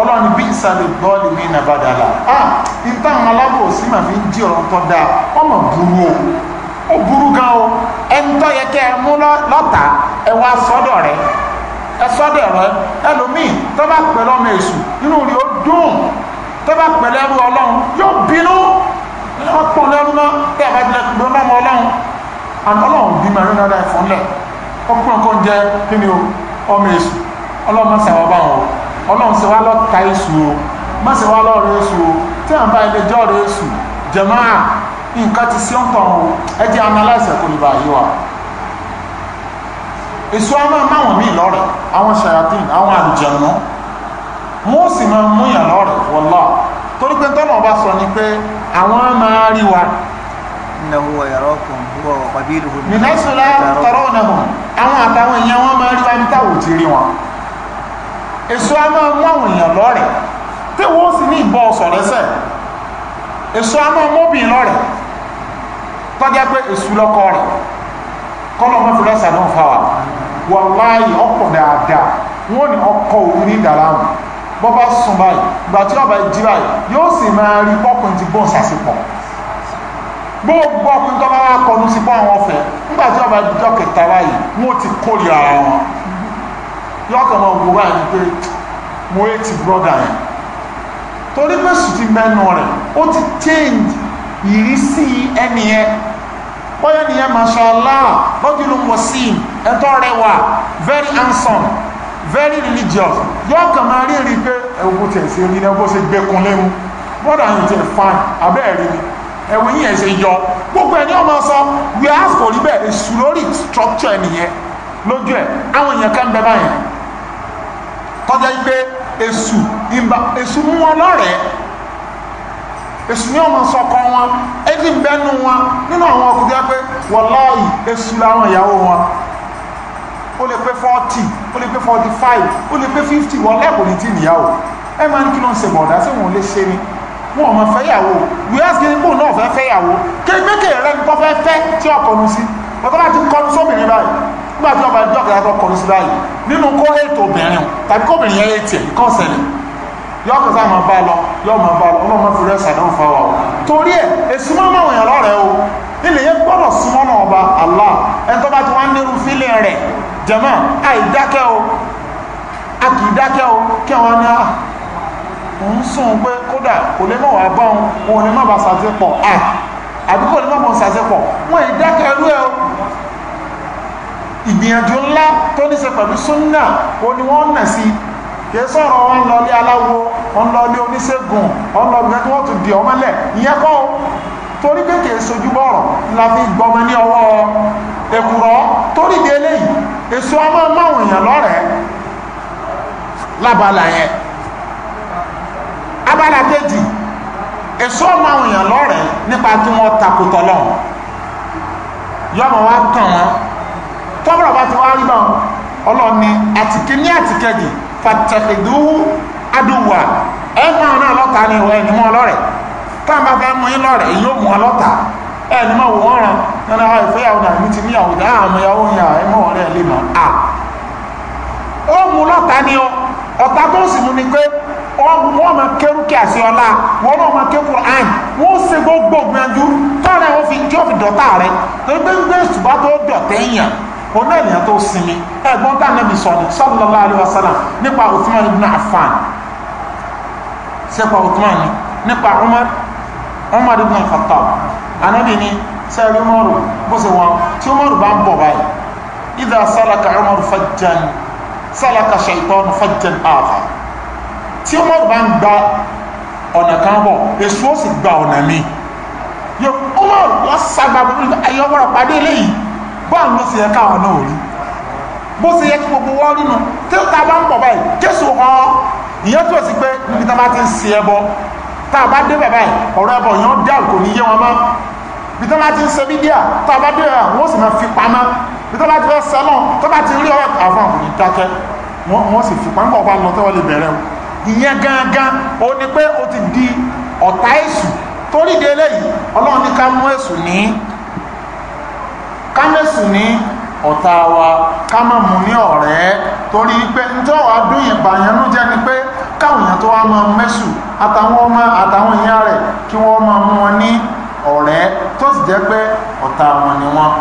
Speaker 2: ọlọ́run bí ìsàlẹ̀ bọ́ọ̀lù mi nà bàdàlà ah níta àwọn alábòsí màá fi ń jí ọ̀rọ̀ tó dáa ọmọ burú o ó burú gan o ẹni tó yẹ kẹ́ ẹ mú lọ́tà ẹ wá sọ́dọ̀ rẹ ẹ sọ́dọ̀ rẹ ẹlòmíì tó bá pẹ̀lú ọmọ èṣù nínú rí ó dùn tó bá pẹ̀lú ẹrú ọlọ́run yóò bínú wọ́n pọ̀ lẹ́rú náà bí àbájá gbọ́n bá mọ ọlọ́run àti ọlọ́run bí màrí náà ọmọ èṣù ọlọ́run má ṣàwọn bá wọn ọlọ́run ṣe wá lọ́ta èṣù o má ṣe wá lọ́ọ̀rọ̀ èṣù o tí àwọn bá ilé jọ́ọ̀rọ̀ èṣù jàmáà nǹkan ti sí ọ̀tọ̀ o ẹ jẹ́ analyze kò lè bá yí wa èṣù á máa máwọn míì lọ́rẹ̀ àwọn ṣayatin àwọn àlùjànnú wọn ó sì máa múyàn lọ́rẹ̀ wọ́lá torí pé tọ́lọ̀ bá sọ ni pé àwọn máa
Speaker 1: rí wa innahu wa yarakum huwa wa qabiluhu min haythu la tarawnahum àwọn àtàwọn èèyàn
Speaker 2: wọn máa rí wa níta ò ti rí wọn èso a máa mú àwọn èèyàn lọ́rẹ̀ tí wọ́n sì ní ìbọn ọ̀sọ̀ lẹ́sẹ̀ èso a máa mọ́bìn lọ́rẹ̀ tọ́jà pé èso lọ́kọ rẹ̀ kọ́nà ọmọ fúlẹ́sà náà fà wá wàláyé ọkọ̀ dáadáa wọ́n ní ọkọ̀ òun ní ìdàlámù bọ́ bá sùn báyìí ìgbà tí ọba jí báyìí yóò sì máa rí pọ́kùn ti bọ́ọ̀sì àsìkò gbogbo ọkùnrin tó bá wá kọnu sí fún àwọn ọ̀fẹ́ nígbà tí ọba jọ kẹta báyìí wọn ti kórìíra ara wọn yọkàn máa wò báyìí pé mo é ti brọ́dà yẹn torí pé sùn ti mẹ́nu rẹ̀ ó ti change ìrísí ẹni yẹn bóyá nìyẹn mashallah lọ́jọ́lù wọ̀sìn ẹ̀tọ́ rẹwà very handsome very religious yọkàn máa rí rí pé ẹ̀wọ̀n tẹ̀ sí orí náà bó ṣe gbẹkùn lẹ́mu brọ́dà yẹn ti fine abẹ́ẹ̀rí ni ẹ̀wọ̀n yìí ẹ̀ ṣe yọ gbogbo ẹni ọmọ sọ wíwá kò rí bẹ́ẹ̀ èṣù lórí structure ẹnìyẹn lójú ẹ̀ àwọn èèyàn kan bẹ báyìí tọ́jà yìí pé èṣù ìmbà èṣù mú wọn lọ́rẹ̀ẹ́ èṣù ní ọmọ sọkọ wọn ẹni bẹnu wọn nínú àwọn ọkùnrin pé wọláì èṣù làwọn ìyàwó wọn ó lè pé forty ó lè pé forty five ó lè pé fifty wọlé kò ní tí ìyàwó ẹ máa ń kí ló ń ṣe bọ̀dá sí wọn ò lè ṣe ni wọn ọmọ fẹ́yàwó us gidi kóun náà fẹ́ fẹ́yàwó kéékèèké rẹ ní kọ́ fẹ́ fẹ́ tí ọ kọnu sí ọtọ́ bá ti kọnu sóbìnrin báyìí nígbà tí ọba ìjọ kẹta tó kọnu sí báyìí nínú kó ètò obìnrin tàbí kóbìnrin yẹn ètì ẹ̀ kọ́ sẹ́lẹ̀ yọ kẹta máa bá lọ yọ máa bá lọ ọlọ́mọ fi rẹ́sà náà fa wa o torí ẹ èsì máa máa wọ̀nyàn lọ́rẹ̀ o ilẹ̀ yẹn gbọ́dọ̀ súnmọ́ náà ọba Allah ẹni tó bá ti wá nírú fílẹ̀ rẹ̀ jẹ̀mọ́ àìdákẹ́ o a kì í dákẹ́ o kí àwọn ní ah, ń sùn pé kódà kò lè mọ̀ wá bọ́n òun ni má ba ṣàṣepọ̀ à àbí kò lè má bọ̀ ṣàṣepọ̀ wọ́n yìí dákẹ́ ẹrú ẹ o ìgbìyànjú ńlá tó ní ṣe pẹ̀lú súnnà o ni wọ́n nà sí kì í sọ̀rọ̀ wọn lọ lé aláwo wọn lọ lé oníṣègùn wọn lọ gbẹ tí wọ́n tún di ọmọ lẹ̀ ìyẹn kọ́ o torí pé kì í sojú bọ̀rọ̀ la fi gbọmọ ní ọwọ́ èkùrọ́ torí di eléyìí èso ọmọ máwùn èèyàn lọ́rẹ̀ẹ́ lábala yẹn abala kejì ẹ̀sọ́ ọmọ àwọn èèyàn lọ́rẹ̀ẹ́ nípa kí wọ́n takòtọ̀ lọ́wọ́ yọmọ wa kàn wọ́n tọ́bọ̀rọ̀ bá ti wá rí náà ọlọ́ni àtìkí ní àtìkẹjì fàtẹ̀kìdú adùwà ẹ̀mọ́ náà lọ́ta ni ìwọ ẹ̀yìn mọ́ ọlọ́rẹ̀ táwọn bá fẹ́ mú yín lọ́rẹ̀ èyí ó mú ọ lọ́ta ẹ̀yìn mọ́ wọ́n ràn nínú àwọn ìfẹ́yàwó náà mi ti níyàwó dá àwọn ìyàwó yàn ẹ̀mọ́ ọ̀rẹ́ ẹ̀ lè mọ́ à ó mú lọ́ta ni ọ ọ̀tá tó sì mú ni pé wọ́n máa kẹ́rù kí àṣẹ ọlá wọ́n náà máa kẹ́ Quran wọ́n ṣe gbogbo gbìyànjú tọ́ra wọn fi jọ́ fi dọ̀tá rẹ̀ torí pé gbé ṣùgbọ́ tó dọ̀tẹ́ yàn òun náà nìyẹn tó sinmi ẹ̀gbọ́n tá nàbì sọ̀rọ̀ sallallahu alaihi wasallam nípa Uthman ibn Affan sẹ́pà Uthman nípa Umar Umar ibn Khattab anábì ni tí ọmọ bá ń gba ọ̀nà kan bọ̀ èso ó sì gba ọ̀nà mi yóò ọmọ wọn sàgbà ayé ọmọ rẹ̀ pàdé eléyìí bá ń lọ sí ẹ̀ka àwọn náà rí bó ṣe yẹ kí gbogbo wọn nínú tí ta bá ń pọ̀ báyìí jésù hàn ìyẹn tó sì pé níbi tá a bá ti ń ṣe ẹbọ tá a bá dé bẹ̀ báyìí ọ̀rọ̀ ẹbọ yẹn dá kò ní yé wọn mọ́ bí tó bá ti ń ṣe bí díà tá a bá dé bẹ̀ wọ́n sì máa fi pamọ́ bí tó bá ti fẹ́ sẹ́lọ̀ tó bá ti rí ọ̀rọ̀ àfọ̀n kò ní dákẹ́ wọ́n sì fi pamọ́ ọba lọ tẹ́wọ́ lè bẹ̀rẹ̀ wọn. ìyẹn gangan o ní pé o ti di ọ̀tá èṣù torí de eléyìí ọlọ́run ní ká mú èṣù ní ká ní ọ̀tá wa ká má mú ní ọ̀rẹ́ torí pé njọ́ wàá dún jẹ́ ni pé káwọn èèyàn tó wá máa àtàwọn ọmọ àtàwọn èèyàn rẹ̀ kí wọ́n máa mú ní ọ̀rẹ́ tó sì jẹ́ pé ọ̀tá wọn ni wọn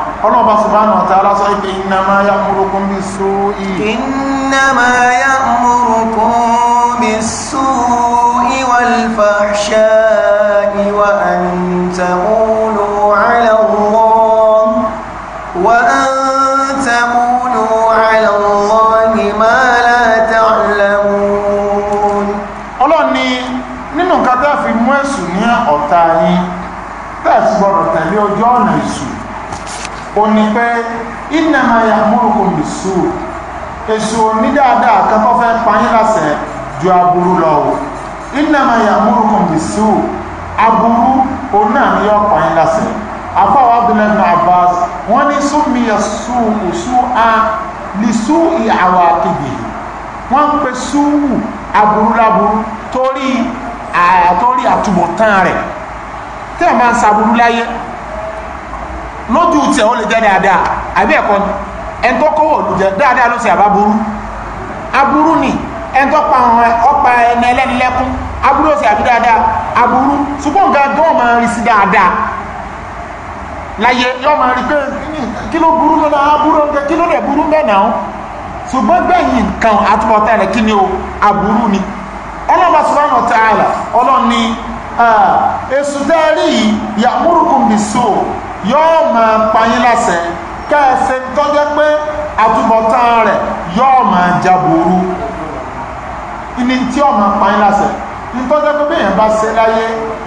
Speaker 1: بالسوء والفحشاء وأن تقولوا على الله وأن تقولوا على الله ما لا تعلمون Ọlọ́run ni nínú nǹkan tá fi mú ẹ̀sùn ní ọ̀tá yín
Speaker 2: tẹ́ẹ̀sì gbọ́dọ̀ tẹ̀lé ọjọ́ ọ̀nà ìsù ò ní pé innama ya'murukum bis-su' èsù onídáadáa kan tó fẹ́ pa yín lásẹ̀ẹ́ ju aburú lọ o innama ya'murukum bis-su' aburú òun náà ni yóò pa yín lásẹ̀ afáwọ abdullahi ibn abbas wọn ní súnmìyà su'u su'an li su'i awaqibihi wọn pe su'u aburú láburú torí àtọ́rí àtúbọ̀tán rẹ̀ tí a máa ń sàbúrú láyé lójú tí ó lè jẹ́ dáadáa àbí ẹ̀kọ́ ẹni tó kọ́wọ̀ ló jẹ́ dáadáa ló sì àbá burú aburú ni ẹ̀ńtọ́pa àwọn ọ̀pá ẹni ẹlẹ́ni aburú si àbí dáadáa aburú ṣùgbọ́n nǹkan gan máa ń sí dáadáa láyé yóò máa pé kí ló burú lọ́nà aburú oúnjẹ kí ló dẹ̀ burú bẹ́ẹ̀ náà gbẹ̀yìn kan kí ni o aburú ni ọlọ́mọ so máa payín pé máa ní tí ọmọ pàín lásẹ̀ nítọ́jọ́ pé bẹ́yàn bá ṣe láyé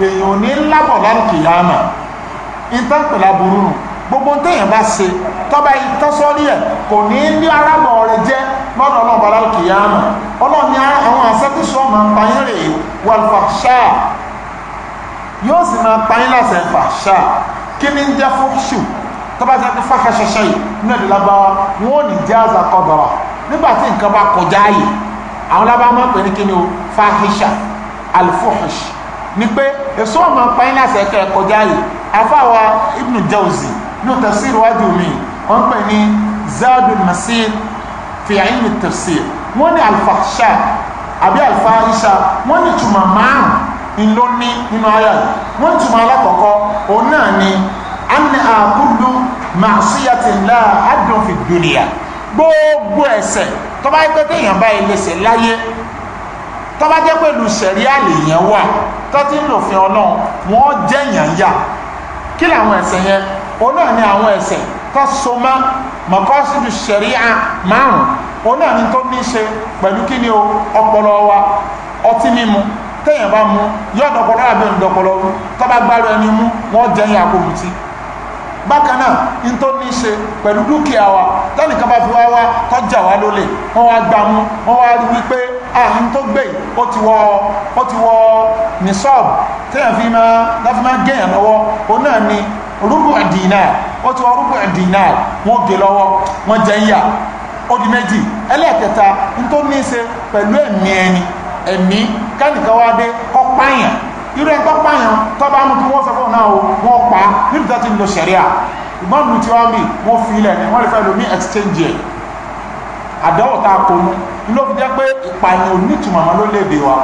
Speaker 2: èèyàn ní lábọ̀ lárùkìyàmà ìtàpẹ̀lá burú nù gbogbo téèyàn bá ṣe tọ́ba ìtọ́sọ́rí ẹ̀ kò ní ní arábọ̀ rẹ̀ jẹ́ lọ́dọ̀ ọlọ́ọ̀bà lárùkìyàmà ọlọ́ọ̀ni àwọn àṣẹ́tíṣọ́ máa pàín rè wàlfàṣà yóò sì máa pàín lásẹ̀ fàṣà kí ni ń jẹ́ fúnṣù tọ́ba jẹ́ pé fáfẹ́ yìí nílẹ̀ lábáwá wọn ò ní jẹ́ àzàkọ́dọ̀rọ̀ nígbà tí nǹkan bá kọjá yìí àwọn lábá máa ń pè ní kíni o fahisha alfuhush ni pé èso ọmọ pàyínlá sẹkẹ kọjá yìí afáwa ibn jawzi ní tafsir wájú mi wọn pè ní zadul masir fi ilmi tafsir wọn ní alfahisha àbí alfahisha wọn ní tùmọ̀ márùn ìlú ní nínú ayà yìí wọn tùmọ̀ alákọ̀ọ́kọ́ òun náà ni anna kullu ma'siyatin la haddun gbogbo ẹ̀ṣẹ̀ tọ́ba yẹ pé téèyàn bá ẹlẹ́sẹ̀ láyé tọ́ba jẹ́ pé lùsẹ̀ríà lèèyàn wà tọ́tí ń lòfin ọlọ́run wọ́n jẹ̀yàn yà kí làwọn ẹ̀ṣẹ̀ yẹn òun náà ni àwọn ẹ̀ṣẹ̀ tó so mọ́ mọ̀kọ́sídù sẹ̀ríà márùn òun náà ni tó ní ṣe pẹ̀lú kí ni o ọpọlọ wa ọtí mímu téèyàn bá mu yọ̀dọ̀pọ̀lọ́ àbẹ̀ǹdọ̀pọ̀lọ́ tọ́ba gbárù ẹni mú wọ́n jẹ̀yàn àkómutí bákan náà n tó ní ṣe pẹ̀lú dúkìá wa tẹ́nìkan bá fi wá wá lólè wọ́n wá gbà mú wọ́n wá rí wípé àhún tó gbé ó ti wọ ó ti wọ ní sọ́ọ̀bù téèyàn fi máa láfi máa gẹ̀yàn lọ́wọ́ ni rúbù ó ti rúbù wọ́n irú ẹ̀kọ́ pààyàn tó bá mú kí wọ́n sọ fún náà wọ́n pa nílùú tó ti ń lo sẹ̀ríà ìgbọ́n mi tí wọ́n mi wọ́n fi ilẹ̀ ni wọ́n lè fẹ́ lo ní exchange ẹ̀ àdánwò tá a kó mú ló fi jẹ́ pé ìpààyàn ò nítumọ̀ mọ́ lórílẹ̀‐èdè wa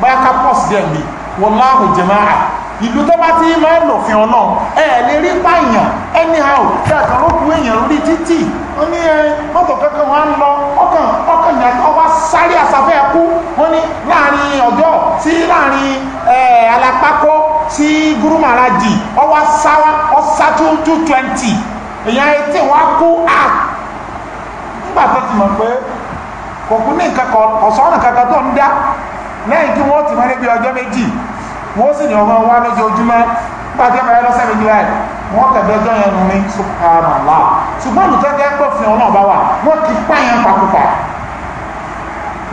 Speaker 2: báyà ká pọ̀ sí dẹ̀mí wọ́n láàrùn jẹ̀máà ìlú tó bá ti máa ń lòfin ọlọ́run ẹ lè rí pààyàn anyhow tí àkàrà ó kú èèyàn lórí títì ó ní mọ́tò kankan wọn lọ ìlànà ọwọ́ sáré àsàfẹ́ ẹkú wọ́n ní láàrin ọjọ́ sí láàrin alápákó sí gúrúmàràjì ọwọ́ sáwá ọ tó tó èèyàn kú à nígbà tó ti mọ̀ pé kò ní nǹkan ọ̀sán kankan tó ń dá lẹ́yìn wọ́n ti mọ́ ọjọ́ méjì wọ́n sì ní ọmọ wa lójoojúmọ́ nígbà tí ọmọ wọ́n tẹ̀lé yẹn nù ní ṣùgbọ́n olùtọ́jú ẹgbẹ́ òfin ọlọ́ọ̀bá wà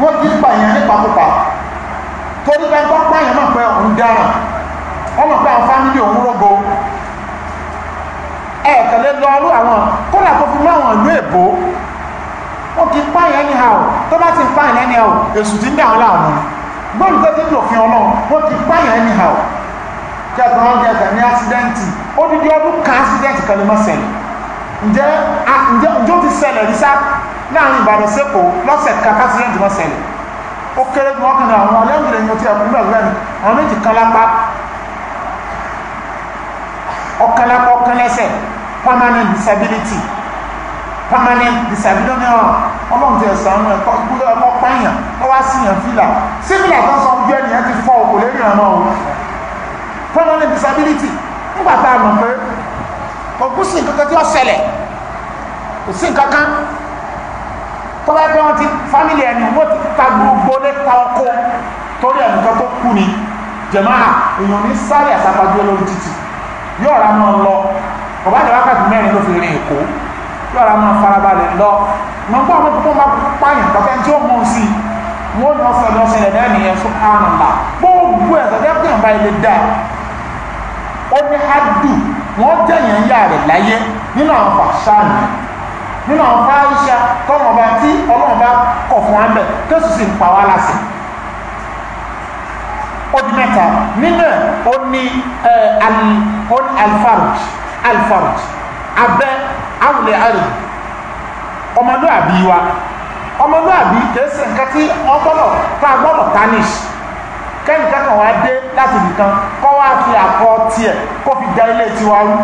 Speaker 2: wọ́n ti pààyàn nípakúpa torí pé wọ́n pààyàn máa pẹ́ òun dára wọ́n mọ̀ pé àwọn fámílì òun rògbò ẹ̀ẹ̀kẹ̀lẹ́ lọ́ọ́rú àwọn kódà tó fi mọ́ àwọn ìlú èbó wọ́n ti pààyàn ní àwọ̀ tó bá ti pààyàn ní àwọ̀ èsù ti ń dà wọ́n láàmú gbọ́dù tó ti lòfin ọlọ́run wọ́n ti pààyàn ní àwọ̀ kẹtàn án kẹtàn ní ásídẹ́ǹtì ó dídí ọdún kan ásídẹ́ǹtì kan ní mọ́ ṣẹlẹ̀ ǹjẹ́ ǹjẹ́ ǹjọ́ ti ṣẹlẹ̀ rí sáà láàrin ìbàdàn sẹ́kọ̀ọ́ lọ́sẹ̀ kan kásídẹ́ǹtì wọn ṣẹlẹ̀ ó kéré bí wọ́n kàn àwọn ọlẹ́gbẹ̀rẹ̀ yẹn tí ẹkùn gbàgbé ni àwọn méjì kan lápá ọ̀kan lápá ọ̀kan lẹ́sẹ̀ permanent disability permanent disability náà ọlọ́run ti ẹ̀sán ọ̀nà ẹ̀kọ́ gbúdọ̀ ẹ̀kọ́ pààyàn ó wá sí yàn fìlà sí fìlà tó sọ bí ẹni yẹn ti fọ òkò lórí ìrànà òun permanent disability nígbà tá a mọ̀ pé kò kú sí nǹkan kan tí ó ṣẹlẹ̀ kò sí nǹkan kan tọ́lá pé wọ́n ti fámìlì ẹni wọ́n ti ta gbogbo lẹ́ta ọkọ torí ẹnìkan tó kú ni jẹ̀máà èèyàn ní sáré àsápájú olórí títì yóò ra máa lọ bàbá ìjọba wákàtí mẹ́rin ló fi rin èkó yóò ra máa farabalẹ̀ lọ nọgbọ́n àwọn tó máa pààyàn pàtẹ́ tí ó mọ̀ sí wọ́n ní ọ̀sẹ̀ lọ́sẹ̀ rẹ̀ náà nìyẹn fún àrùnbà gbogbo ẹ̀sẹ̀ jẹ́ pé ìyàmbá ilé dá ó ní hádùn wọ́n jẹ̀yàn yà rẹ̀ láyé nínú àwọn fàṣà nìyẹn nínú àwọn fáyíṣà tọ́wọ́n bá tí ọlọ́run bá kọ̀ fún wa bẹ̀ tó sì sì ń pa wá lásì ó di mẹ́ta nínú ẹ̀ ó ní alfarj alfarj abẹ́ awùlẹ̀ àrùn ọmọlúàbí wa ọmọlúàbí kẹsẹ̀ nǹkan tí ọgbọ́nà tá a gbọ́dọ̀ tarnish kẹ́yìn kankan wá dé láti nìkan kọ́ wá fi àkọ tiẹ̀ kó fi da ilé tiwa rú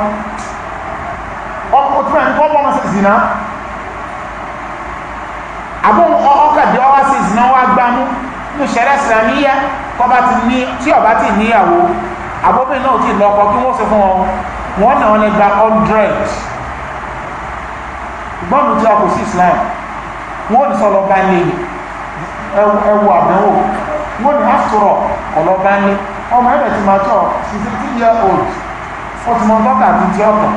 Speaker 2: ọkùnrin tí wọ́n ń kọ́ bọ́mọ sí ìsìn náà àbó ọkàdé ọwá sí ìsìná wá gbámú ní ìṣẹ̀lẹ̀ ìsìlámíyà kọba ti ní tí ọba ti níyàwó àbóbìnrin náà ti lọ́kọ kí wọ́n sọ fún wọn wọn náà wọn lè gba hundred gbọ́nù tí ọkọ̀ sí islam wọn ò ní sọ lọ́ba lé ẹwọ àdánwò wọn ò ní àsọ̀rọ̀ ọlọ́ba lé ọmọ ẹ̀rẹ̀ ti máa tọ̀ sixty year old ọtí mọ́ dọ́kà àti ti ọkọ̀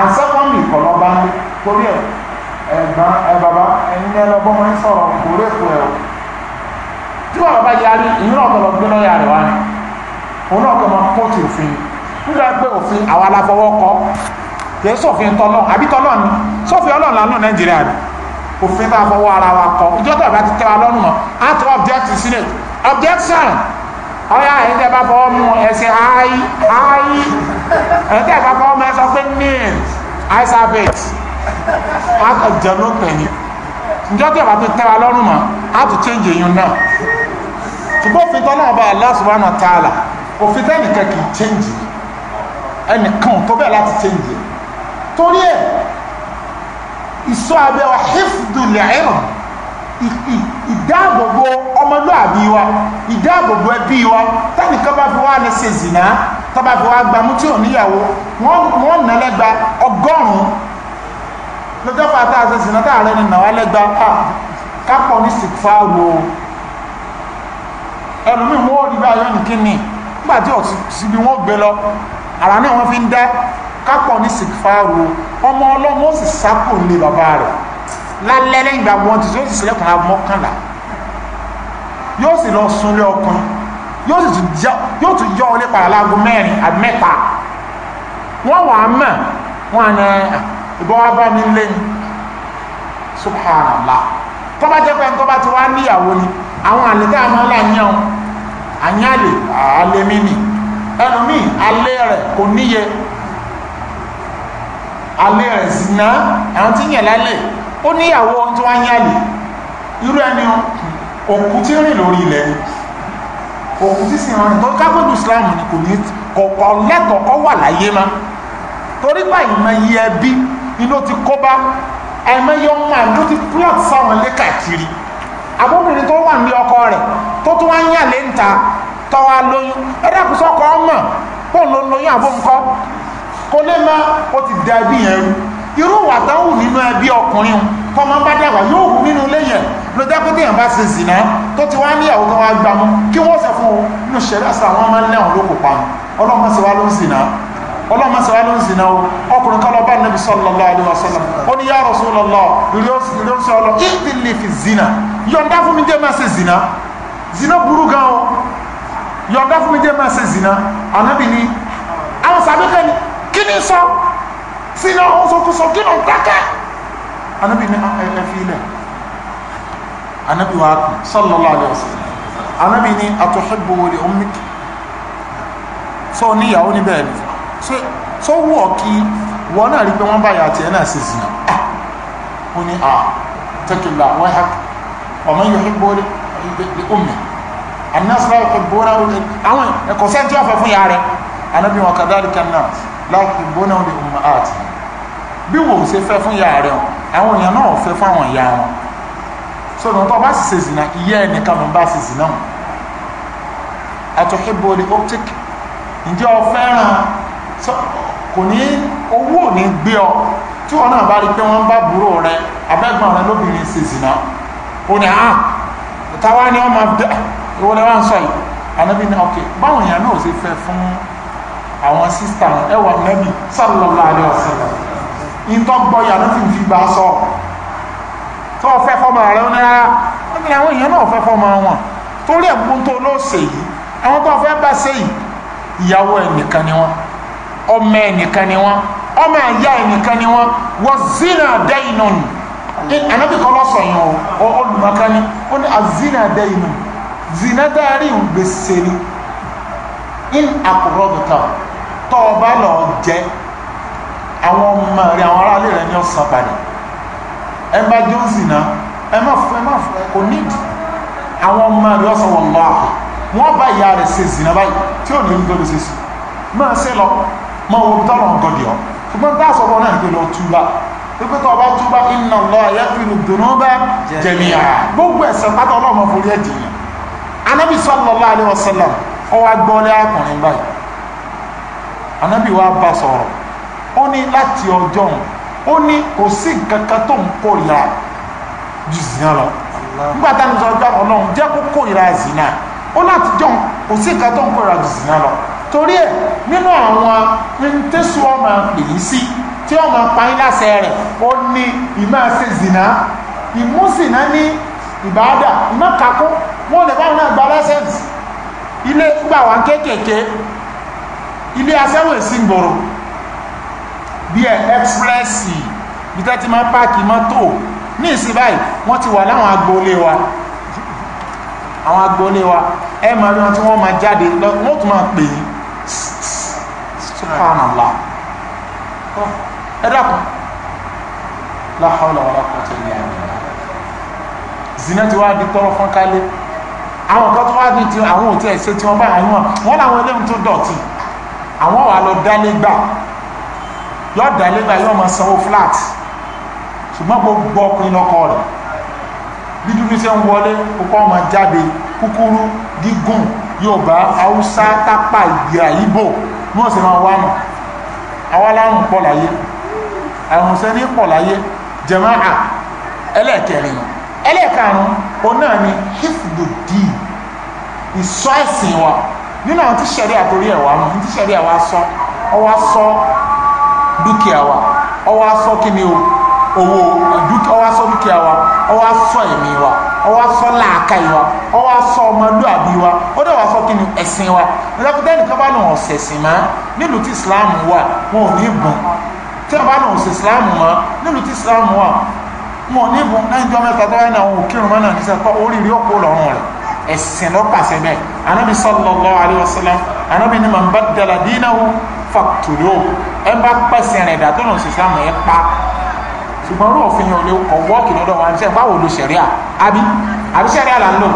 Speaker 2: and secondly ọlọ́ba lé torí ẹ̀ ẹ̀gbọ́n ẹ bàbá ẹ̀yin ní ẹlọ́gbọ́n mọ́ ń sọ̀rọ̀ kò rè kù ẹ̀ o tí bàbá bá yarí ìyún náà tọ̀lọ̀ gbé lọ́yà rẹ̀ wá ni òun náà kọ́ mọ kóòtù òfin nígbà pé òfin àwọn aláfọwọ́ kọ́ kì í sọ̀fin tọ́lọ́ àbí tọ́lọ́ ni sọ̀fin ọlọ́run lánàá nàìjíríà ni òfin tá a fọwọ́ ara wa kọ́ ìjọ́tọ̀ bá ti tẹ́ wa lọ́rùn mọ́ out of object senate objection ọ̀yà ẹ̀yin tẹ́ bá fọwọ́ mú ẹsẹ̀ ayi ayi ẹ̀yin tẹ́ bá fọwọ́ mú ẹsẹ̀ pé ní i serve àjẹun ló pè ǹjọ́ tí àbábí tẹ́wa lọ́rùn mọ́ á tún change yín náà ṣùgbọ́n òfin tọ́lá ọba Allah subhanahu òfin tẹ́nìkan kì í change ẹnìkan tó bẹ́ẹ̀ láti change torí ẹ̀ ìsọ abẹ́ wa ìdáàbòbò ọmọlúàbí wa ìdáàbòbò ẹbí wa tẹ́nìkan bá fi wá ní lọ́jọ́ fàtà àti ìsìnà táàrẹ ni nàwà lẹ́gbà à ah, kápọ̀ ní sìkfààrù o ẹlòmíì wọ́n rí bá yọ́ nìkí ni nígbà tí ọ̀sìbí wọ́n gbé lọ ara náà wọ́n fi ń dá kápọ̀ ní sìkfààrù o ọmọ ọlọ́mọ ó sì sápò lè bàbá rẹ̀ lálẹ́ lẹ́yìn ìgbà wọn ti yóò sì sílẹ̀kùn amọ́kànlá yóò sì lọ sunlé ọkàn yóò sì tún yọ ọlé pàdà láago mẹ́rin àbí mẹ́ta wọ́n wà á mọ̀ ìbọn wá bá mi lé ní subhanallah tó bá jẹ́ pé tó bá ti wá níyàwó ni àwọn àníká máa ń là yàn àyàlè àlèmí ni ẹlòmíì alẹ́ rẹ̀ kò níye alẹ́ rẹ̀ zina àwọn tí yàn lálẹ́ ó níyàwó tó wá yàlè irú ẹni òkú tí ń rìn lórí ilẹ̀ ni òkú tí sì rìn tó kábọ̀dù islam ni kò ní kọ̀ọ̀kan lẹ́tọ̀ọ́ wà láyé má torí báyìí máa yẹ bí ìlò ti kó bá àìmọye ọmọ àló ti plot sáwọn lé káàkiri àbóbìnrin tó wà ní ọkọ rẹ̀ tó tún wá ń yà lé níta tọ́wá lóyún ẹ̀dá kò sọ́kọ̀ ọmọ bóun ló lóyún àbóǹkọ́ kò lè mọ ó ti da ẹbí yẹn rú irú wà tán wù nínú ẹbí ọkùnrin tó máa bá dàgbà yóò wù nínú ilé yẹn ló jẹ́ pé téèyàn bá ṣe zìnà tó ti wá níyàwó tó wá gbàmú kí wọ́n sọ fún un nínú ṣẹlẹ̀ sọ àwọn ọmọ ẹlẹ́wọ̀n ló kópa ọlọ́mọ sì wá ló ń zìnà ọlọ́mọ sọ ló ń sìn náà ọkùnrin kan lọ bá nàbí sallallahu alaihi wasallam ó ní ya Rasulullah ìrí ó sọ lọ ìdílé fi zina yọ̀ǹda fún mi dé máa ṣe zina zina burú gan o yọ̀ǹda fún mi dé máa ṣe zina ànábì ni àwọn sàbẹ̀kẹ́ ni kí ni sọ sínú ọ̀hún sọkúsọ kí ni ọ̀dákẹ́ ànábì ni ah, ẹ fi ilẹ̀ ànábì wa sallallahu alaihi wasallam sọ ṣe tó wọ̀ kí wọ́n náà rí pé wọ́n báyà àti ẹ̀ náà sì zìnà ah! ó ní à ah, tẹ́kìlá wọ́n hẹ́ ọmọ yóò hẹ́ bó lé omi anásílá yóò hẹ́ bó náà lé àwọn ẹ̀kọ́ sẹ́ńtì ọ̀fẹ́ fún yàrá rẹ̀ anábì wọn kàdáàdì kan náà láì hẹ́ bó náà lé omi àti bí wò ṣe fẹ́ fún ìyá rẹ̀ àwọn èèyàn náà fẹ́ fáwọn ìyá wọn so ní ọtọ́ bá sì ṣe zìnà ìyá ẹnìkan ló bá sì zìnà àtúnṣe bòlì optic ǹjẹ́ o fẹ́ràn kò ní owó ò ní gbé ọ tí wọn náà bá rí pé wọn bá búrò rẹ abẹ́gbọ̀n rẹ lóbìnrin ṣe zìnà ó ní à ah, táwa ni wọn máa dẹ ìwọ ni wọn sọ yìí anabi ní ọkẹ báwọn èèyàn náà ṣe fẹ́ fún àwọn sísítà ẹwà nẹbi sallallahu alaihi wasallam ìtọ́gbọ́ yàrá tí ń fi gbà sọ tó fẹ́ fọ́mọ rẹ̀ ó nára ah, wọ́n ni àwọn èèyàn náà fẹ́ fọ́mọ wọn torí ẹ̀gbọ́n tó ló ṣèyí àwọn tó fẹ́ bá ṣèyí ìyàwó ẹnìkan ni wọn ọmọ ẹnìkan ni wọn ọmọ ẹyà ẹnìkan ni wọn wọn zina dẹyìn nù anabi kọ́ lọ́sọ̀ yẹn o olùmọ̀kan ni ó ní azina dẹyìn nù zina dárí ń gbèsè ni in àkùrọ̀bùtà tọ́ ọ bá lọ jẹ àwọn ọmọ rẹ àwọn aráàlú rẹ ní ọ̀sán padà ẹ bá jó zina ẹ má fún ẹ má fún ẹ kò nídìí àwọn ọmọ rẹ ọ̀sán wọn lọ wọn bá ìyá rẹ ṣe zina báyìí tí ò ní ní tó lè ṣe sùn máa ṣe lọ mọ́ ohun tọ́nà gọ̀dì ọ́ ṣùgbọ́n tá a sọ wọn náà pé lọ túbà pípẹ́ tó ọba túbà inna Allah yaghfiru dhunuba jami'a gbogbo ẹ̀ṣẹ̀ pátá ọlọ́mọ forí ẹ̀dì yẹn anábì sallallahu alaihi wasallam ọwọ́ agbọ́lé akùnrin báyìí anábì wa bá sọ̀rọ̀ ó ní láti ọjọ́ ó ní kò sí nǹkan kan tó ń kórìíra ju zina lọ nígbà tá a ní sọ ọjọ́ kó kórìíra zina ó láti jọ kò sí nǹkan tó ń kórìíra ju zina lọ torí ẹ̀ nínú àwọn ntẹ́sù ọmọ èyí sí tí ọmọ pàyín láṣẹ rẹ̀ ó ní ìmọ̀ ṣe zìnà ìmú zìnà ní ìbáàdà ìmọ̀ kakún wọn lè báwọn náà gba lẹ́sẹ̀nsì ilé gbà wá kéékèèké ilé aṣẹ́wò èsì ń bọ̀rọ̀ bí ẹ ẹ́kspírẹ́sì bí tẹ́tí máa páàkì mọ́tò ní ìsìn báyìí wọ́n ti wà láwọn agboolé wa àwọn agboolé wa ẹ máa rí wọn tí wọ́n máa jáde wọ́n tún máa pè yín subhanallah ẹ oh, dákun la hawla wala quwwata illa billah zina ti wá di tọrọ fún kálé àwọn kan tó wá di ti àwọn òtí ẹsẹ tí wọn bá yàn wọn wọn làwọn eléyìí tó dọ̀tí àwọn wà lọ dálé gbà yóò dálé gbà yóò máa sanwó flat ṣùgbọ́n gbogbo ọkùnrin lọkọ rẹ̀ bí dúdú ṣe ń wọlé kókó ọmọ jáde kúkúrú gígùn yorùbá haúsá tápà ìgbìrà ìbò ní ọ̀sẹ̀ máa wá nù àwọn alárùn pọ̀ láyé àrùnsẹ́ ní pọ̀ láyé jẹmáà ẹlẹ́ẹ̀kẹrin ẹlẹ́ẹ̀karùn o náà ni hifdodi ìsọ ẹ̀sìn wa nínú àwọn tí sẹ́rí àtòrí ẹ̀wà mú tí sẹ́rí àwa sọ ọwọ́ sọ dúkìá wa ọwọ́ sọ kí ni o owó ọwọ́ sọ dúkìá wa ọwọ́ sọ ẹ̀mí wa ọwọ́ afọ́ làákà yìí wa ọwọ́ afọ́ ọmọlúàbí wa ó dẹ̀ wá fọ́ kí ni ẹ̀sìn wa lọ́kùtà ẹnìkan bá lòun ọ̀sẹ̀ sìn mọ́ nílùú tí islam wà wọn ò ní bùn tí wọn bá lòun ọ̀sẹ̀ islam mọ́ nílùú tí islam wà wọn ò ní bùn lẹ́yìn jọ́ mẹ́ta tó wáyé náà wọn ò kírun mọ́ náà ní sẹ́kọ́ oríire ó kó lọ́rùn rẹ̀ ẹ̀sìn ló pàṣẹ bẹ́ẹ̀ anabi sallallahu alayhi wa sallam anabi ni man baddala dinahu faqtuluhu ẹ bá ṣùgbọ́n ọ̀rọ̀ òfin yẹn ò lè wọ́ọ̀kì lọ́dọ̀ wa ṣe báwo lo ṣẹ̀ríà àbí àbí ṣẹ̀ríà là ń lò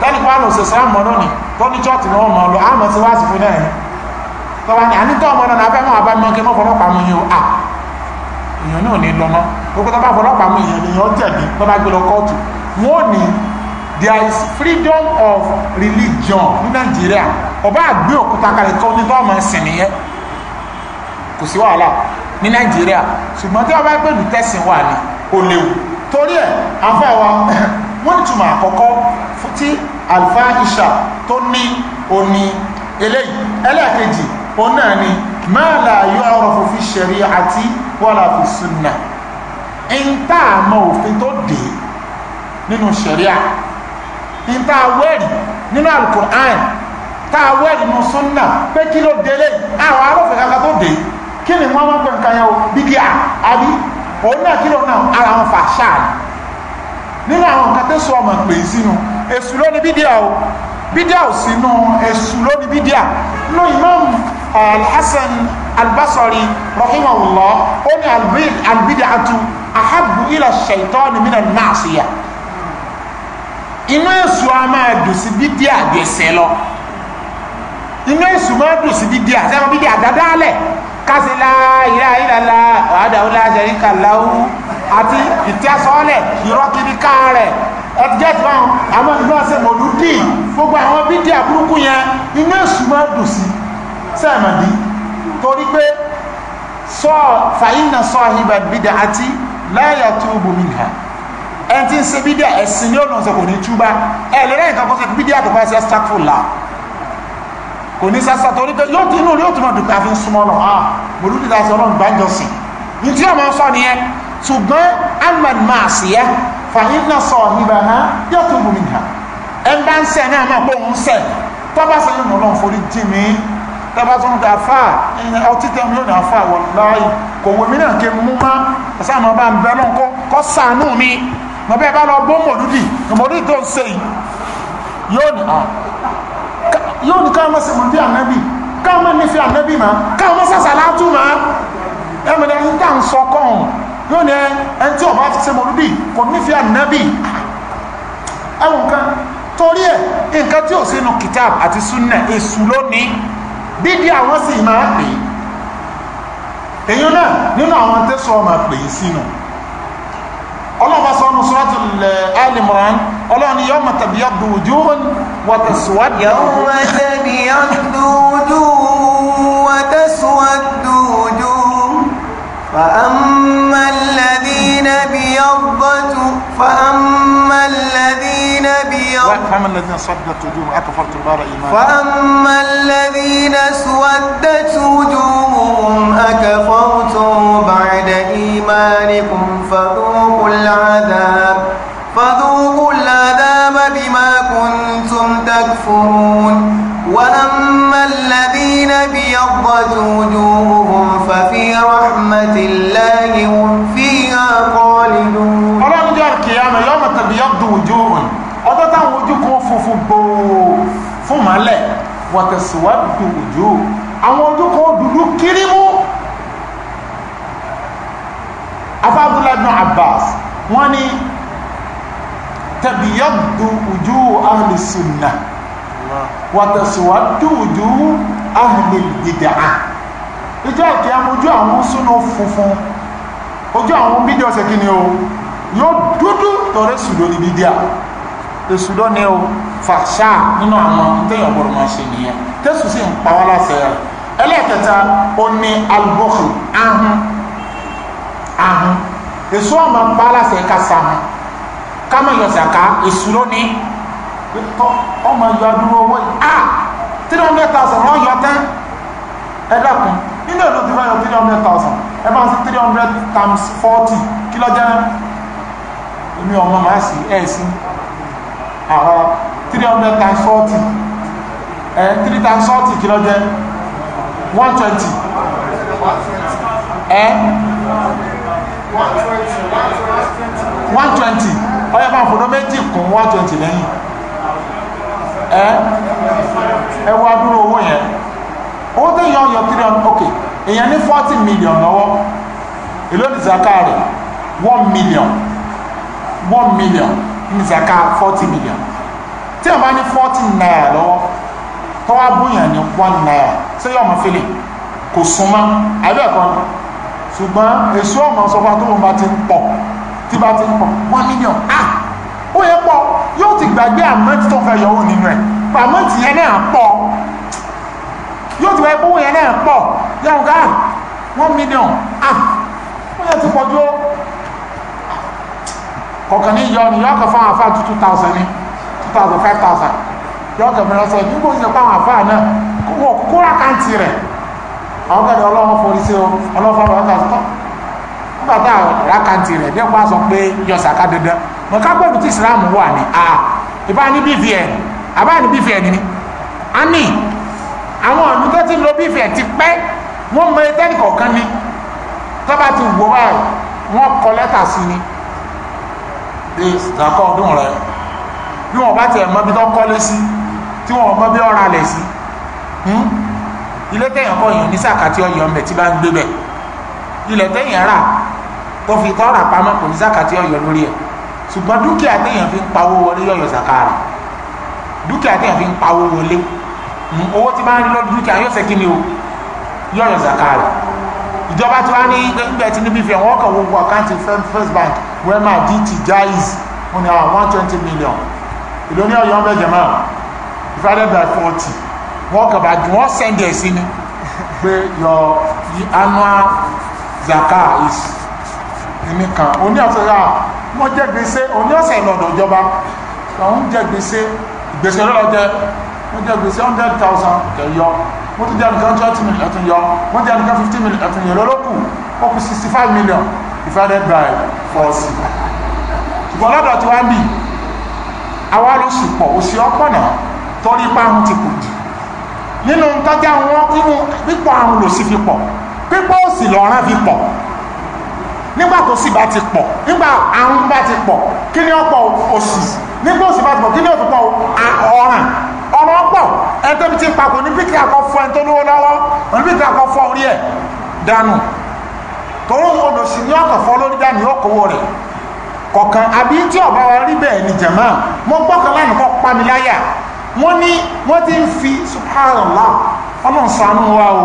Speaker 2: tọ́ni kó àlọ́ ṣẹṣẹ àmọ́ náà ni tọ́ni chọ́ọ̀tì náà mọ̀ lọ àmọ́ sí wáàsí fún náà tọ́wa ni ànítọ́ ọmọ náà abẹ́ máa bá mi kí wọ́n fọlọ́pàá mu yẹn o à èèyàn náà ní lọ́mọ gbogbo tó bá fọlọ́pàá mu yẹn èèyàn tẹ̀lé tó bá gbé lọ kóòtù wọn ní there is freedom of religion ní Nàìjíríà ọba àgbé òkúta kalẹ̀ tó ní tọ́ ọmọ ẹ̀sìn nìyẹn kò sí wàhálà ní nàìjíríà ṣùgbọ́n tí wọ́n bá pẹ̀lú tẹ̀sìn wà ní ó léwu torí ẹ̀ afáwa wọ́n túmọ̀ àkọ́kọ́ tí alfa isha tó ní oní eléyìí ẹlẹ́ẹ̀kejì òun náà ni máa là yọ ọ̀rọ̀ fòfin ṣẹ̀rí àti wọ́lá fi sunna ń tá àmọ́ òfin tó dé nínú ṣẹ̀ríà ń tá a wẹ́rì nínú alukur'an tá a wẹ́rì nínú sunna pé kí ló délé àwọn arúfin kankan tó dé kí ni wọ́n wá pẹ̀ nǹkan yẹn o bíkí à àbí òun náà kí lọ náà ara wọn fà ṣáà nínú àwọn nǹkan tó sọ ọmọ pè sínú èṣù lónìí bídíà o bídíà ò sínú èṣù lónìí bídíà nínú Imam Al-Hasan Al-Basri rahimahullah ó ní al-bid'atu ahabbu ila ash-shaytani min al inú èṣù a máa dùn bídíà gbèsè lọ inú èṣù máa dùn bídíà sẹ́wọ́n bídíà dáadáa lẹ̀ kásìlá ìlà ìlàlá ọ̀hádàúlá ṣẹ̀ríkà láwú àti ìtẹ́sọ́ọ́lẹ̀ ìrọ́kìríkà rẹ̀ ẹtijọ́ ti wọn àwọn ìlú ọ̀sẹ̀ mọ̀lú dì gbogbo àwọn bídí àbúrúkú yẹn iná ìṣúná dùn sí sẹ́ẹ̀mọ̀dí torí pé sọ fàyínà sọ ìbà bídà àti láyà tó bomi nìkan ẹni tí ń ṣe bídà ẹ̀sìn ní ọ̀nà ọ̀sẹ̀ kò ní túbá ẹ̀ lẹ́rẹ́ nǹkan kọ́sẹ̀ bídà àtọ́kọ́ ẹ̀sẹ̀ stakful láà kò ní sásà torí pé yóò inú rẹ̀ yóò tún máa dùn pé a fi ń súnmọ́ lọ ah mòlúdì láti ọlọ́run gbájọ sí ní tí wọ́n máa sọ nìyẹn ṣùgbọ́n amman máa sì yẹ fàyínà sọ ìbà ha yóò tún bùnmi ha ẹ ń bá ń sẹ náà máa pọ̀ ń sẹ tọ́ba sọ yóò lọ́n forí jì mí tọ́ba tó ń da fà ọtí tẹ́ mi yóò da fà wọ̀ láàyè kò wọ́n mi náà ké mú má ẹ̀sán máa bá ń bẹ́ lọ́n kọ́ sànú mi mo bẹ́ẹ̀ bá lọ bó mòlúdì mòlúdì tó ń ṣe yìí yóò ní káwọn sì mọ̀ bí ànábì káwọn nífẹ̀ẹ́ ànábì mà káwọn sàṣà látú mà ẹ̀mẹ̀dẹ̀ ń tà ń sọ kọ́hùn yóò ní ẹ tí ọba ti ṣe mọ̀lúdì kò nífẹ̀ẹ́ ànábì ẹ̀wọ̀n kan torí ẹ̀ nǹkan tí ò sínú kìtàb àti súnà èṣù lónìí dídí àwọn sì máa pè é èyí náà nínú àwọn tẹ́sọ̀ ọmọ pè é sínú. Si ọlọ́ọ̀bá sọ ọ́nù sọ́ọ́tù alimran ọlọ́ọ̀ni yọ ọmọ tàbí ọdún ojú wọn
Speaker 1: wọ́tà síwájú. yọ ọmọ tàbí ọdún ojú wọ́tà síwájú ojú fàámà lẹ́bí nàbí ọgbọ́tù fàámà. فأما الذين صدت وجوههم أكفرتم بعد إيمانكم فأما الذين اسودت وجوههم أكفرتم بعد إيمانكم فذوقوا العذاب فذوقوا العذاب بما كنتم تكفرون وأما الذين ابيضت وجوههم ففي رحمة الله هم فيها خالدون.
Speaker 2: ألم جاء القيامة يوم تبيض وجوههم lọ́wọ́ táwọn ojú kan funfun gbòò fún màálẹ̀ wọ̀tẹ̀síwájú òjò àwọn ojú kan dúdú kiri mú afábúlẹ́dùn Abbas wọ́n ní tẹ̀bíyàdù ojú ahli sunnah wọ̀tẹ̀síwájú ojú ahli bid'ah ìjọ ìkẹ́ ojú àwọn súnú funfun ojú àwọn bídíọ̀ ṣe kí ni o yóò dúdú tọrẹ sùdó ní bídíà èṣù lọ́ni o fàṣà nínú àwọn téèyàn gbọ́dọ̀ máa ṣe nìyẹn tẹ́sù sì ń pa wá láṣẹ rẹ̀ ẹlẹ́ẹ̀kẹta ó ní albọ́ọ̀kì ahun ahun èṣù àmọ́ pa láṣẹ ká sàmù ká má yọ sàká èṣù lọ́ni tọ́ ọmọ ìyá dúró a three hundred thousand wọ́n yọ tán ẹ dákun nínú èlò tí wọ́n yọ three hundred thousand ẹ bá ń sí three hundred times forty kí ló jẹ́ èmi ọmọ màá sì àwọn three hundred times forty ẹ eh, three 120 forty kí ló one twenty ẹ eh? one twenty ọyọ máa fọdọ méjì kún one twenty eh? ẹ ẹ owó yẹn owó téèyàn yọ three hundred ok million million one million. ní zaka forty million tí a bá ní forty naira lọ́wọ́ tó wá bóyàn ní one naira ṣé yóò mọ fílẹ̀ kò súnmọ́ àbẹ́ẹ̀kọ́ ni ṣùgbọ́n èso ọmọ sọfà tó wọn bá ti ń pọ̀ tí bá ti ń pọ̀ one million ah ó yẹ pọ̀ yóò ti gbàgbé àmọ́tí tó fẹ́ yọ̀wò nínú ẹ̀ àmọ́tí yẹn náà pọ̀ yóò ti wáyé pé owó yẹn náà pọ̀ yẹn ká one million ah ó yẹ ti pọ̀ dúró kọ̀ọ̀kan ní yọ ni yọ́kọ̀ fún àwọn àfáà 2000 two thousand ní two thousand five thousand yọ́kọ̀ mìíràn sọ nígbò ìṣe pa àwọn àfáà náà wọ́n kó rákàntì rẹ̀ àwọn kẹ́lẹ̀ ọlọ́wọ́ forí sí o ọlọ́wọ́ fọ́lọ́ ọ̀gá tó nígbà tá rákàntì rẹ̀ dẹ́kun á sọ pé yọ sàkà dandan mọ̀ ká gbọ́dọ̀ tí Islam wà ní a ìbá ní BVN àbá ní BVN ni a ní àwọn ọ̀nù tó ti lo BVN ti pẹ́ wọ́n mọ ẹtẹ́nì kọ̀ọ̀kan ni tọ́ba ti wọ́ báyìí wọ́n kọ lẹ́tà sí ni dé zakọ ọdún rẹ bí wọn bá tiẹ̀ mọ bí tó kọ́lé sí tí wọn mọ bí ọ̀rọ̀ alẹ̀ sí hmm? ilé tẹ̀yàn kọ́ yàn ní sàkàtì ọ̀yàn mẹ́ tí bá ń gbé bẹ̀ ilẹ̀ tẹ̀yàn rà tó fi tọ́ ra pamọ́ kò ní sàkàtì ọ̀yàn lórí ẹ̀ ṣùgbọ́n dúkìá tẹ̀yàn fi ń pawó wọlé yọ̀yọ̀ sàkà rẹ̀ dúkìá tẹ̀yàn fi ń pawó wọlé hmm? owó tí bá ń rí lọ́dún dúkìá yóò ṣe kí ni o yọ̀yọ̀ sàkà rẹ̀ ìjọba tí wàá ní gbẹ̀tì níbi fi àwọn ọkọ̀ gbogbo àkáǹtì first bank wema dt jais wọn ni àwọn one twenty million ìlú ní ọ̀yọ́ mẹ́jọ náà divided by forty wọ́n kàbà jù wọ́n sẹ́ndẹ̀ sí ni pé your annual zaka is nìkan oní ọ̀sẹ̀ yà wọ́n jẹ́ gbèsè oní ọ̀sẹ̀ lọ́dọ̀ ìjọba àwọn jẹ́ gbèsè gbèsè lọ́dọ̀ wọ́n jẹ́ gbèsè hundred thousand kẹ̀yọ wọ́n tún jẹ́ nìkan twenty million ẹ̀tún yọ wọ́n jẹ́ nìkan fifty million ẹ̀tún yọ lọ́lọ́kù ó kù sixty five million divided by forty ṣùgbọ́n lọ́dọ̀ tí wá ń bì àwa ló sì pọ̀ òsì ọ̀pọ̀ náà torí ipa ahun ti kù jù nínú tọ́jà wọn nínú pípọ̀ ahun lò sí fi pọ̀ pípọ̀ òsì lọ́rán fi pọ̀ nígbà tó sì bá ti pọ̀ nígbà ahun bá ti pọ̀ kí ni ọ̀pọ̀ òsì nígbà òsì bá ti pọ̀ kí ni òpópọ̀ ọ̀ràn ọ̀rọ̀ pọ̀ ẹni tó ti papò ní píkì àkọ́fọ́ ẹni tó lówó lọ́wọ́ onípíkì àkọ́fọ́ orí ẹ̀ dànù tòun odò sì ní ọkàn fọ́ lórí dànù rẹ̀ kọ̀kan àbí tí ọ̀bá wa rí bẹ́ẹ̀ ni pa mi láyà ní wọ́n ti ń fi subhanallah ọlọ́run wa o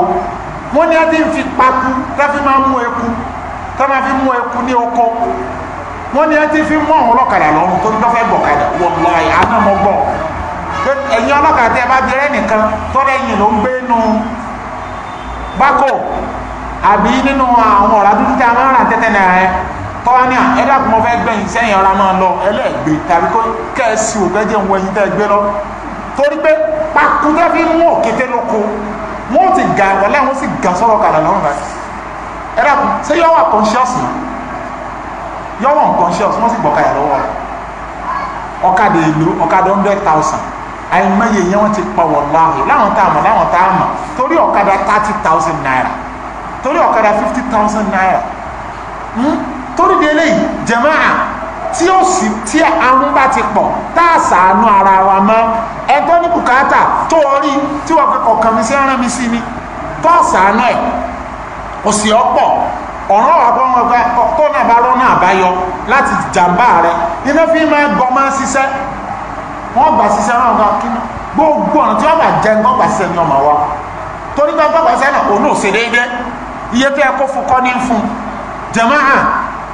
Speaker 2: wọ́n ní a ti ń fi paku tẹ́fí máa mú eku tẹ́fí máa fi mú eku ní oko wọ́n ní ti fi mú àwọn ọlọ́kadà lọ́rùn tó ń dọ́fẹ́ gbọ̀kadà àná mo gbọ́ nìkan tọ́lẹ́yìn ló ń gbé nu àbí nínú àwọn ọ̀rá dúdú tí a máa ń rà tẹ́tẹ́ náírà ẹ tọ́wá ní à ẹ dákun mọ́ fẹ́ gbẹ̀yìn sẹ́yìn ọ̀rá máa lọ ẹlẹ́gbẹ́ tàbí kó kẹ́ẹ̀sì òkè jẹ́ òun ẹyin tẹ́ gbé lọ torí pé pákó tẹ́ fi mú òkété lóko wọ́n ti ga wọlé wọ́n sì ga sọ́rọ̀ kàdà lọ́rùn rẹ̀ ẹ dákun ṣé yọ wà conscious ni yọ wà conscious wọ́n sì gbọ̀kayà lọ́wọ́ rẹ̀ ọ̀kadà èlò ọ̀kadà hundred thousand àìmọye yẹn wọ́n ti pa wọ̀ láàyè láwọn tá a mọ̀ láwọn tá a mọ̀ torí ọ̀kadà thirty thousand naira torí ọ̀kadà fifty thousand naira hmm? torí di eléyìí jẹ̀máà tí ó sì tí àwọn bá ti pọ̀ tá a sàánú ara wa mọ́ ẹgbẹ́ ní bùkátà tó orí tí wọ́n kẹ́kọ̀ọ́ kàn mí sí ẹran mi sí ni tó sàánú ẹ̀ kò sì ọ̀pọ̀ ọ̀rọ̀ àbọ̀wọ̀gbà tó náà bá rọ́nà àbáyọ láti jàǹbá rẹ̀ iná fi máa gbọ́ máa ṣiṣẹ́ wọ́n gbà ṣiṣẹ́ náà gan kíná gbogbo ọ̀nà tí wọ́n bá jẹ́ ń gbà ṣiṣẹ́ ní ọmọ wa torí gbàgbọ́ ṣiṣẹ́ náà òun náà ṣe déédéé iye tẹ́ ẹ kó fún kọ́ ní fún jàmáà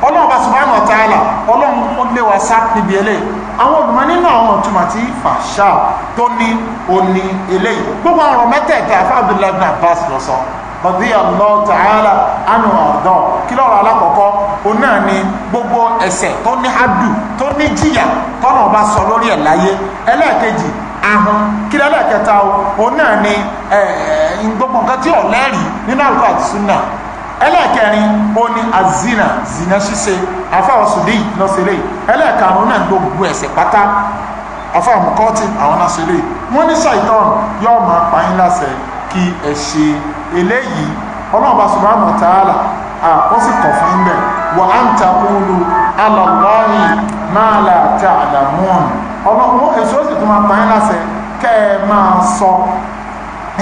Speaker 2: ọlọ́run bá subhanahu wa ta'ala ọlọ́run ó lé wa sá níbi eléyìí àwọn olùmọ̀ nínú àwọn ọ̀túnmà tí fàṣà tó ní òní eléyìí gbogbo àwọn ọ̀rọ̀ mẹ́tẹ̀ẹ̀ta fún Abdullahi ibn Abbas lọ sọ ọdí Allah ta'ala anu ọ̀dọ́ kí lọ́rọ̀ alákọ̀ọ́kọ́ òun náà ni gbogbo ẹ̀ṣẹ̀ tó ní hadu tó ní jìyà tọ́nà ọba sọ lórí ẹ̀ láyé ẹlẹ́ẹ̀kejì ahụ kiri lẹ́lẹ́ kẹta òun náà ni gbogbo nǹkan tí ò lẹ́rìí nínú àlùkò àti súnà ẹlẹ́ẹ̀kẹrin ó azina zina ṣíṣe afáwọn sùdí lọ́sẹ̀lẹ̀ ẹlẹ́ẹ̀karùn náà gbogbo ẹ̀ṣẹ̀ pátá afáwọn kọ́tì àwọn lọ́sẹ̀lẹ̀ wọ́n ní ṣàìtàn yóò máa pa yín láṣẹ kí ẹ ṣe eléyìí ọlọ́ọ̀bá subhanahu wa ta'ala ó sì kọ̀ fún bẹ́ẹ̀ wa an taqulu ala Allahi ma la ta'lamun ọlọ́pọ̀ èso sì tún máa pa yín láṣẹ kẹ́ ẹ máa sọ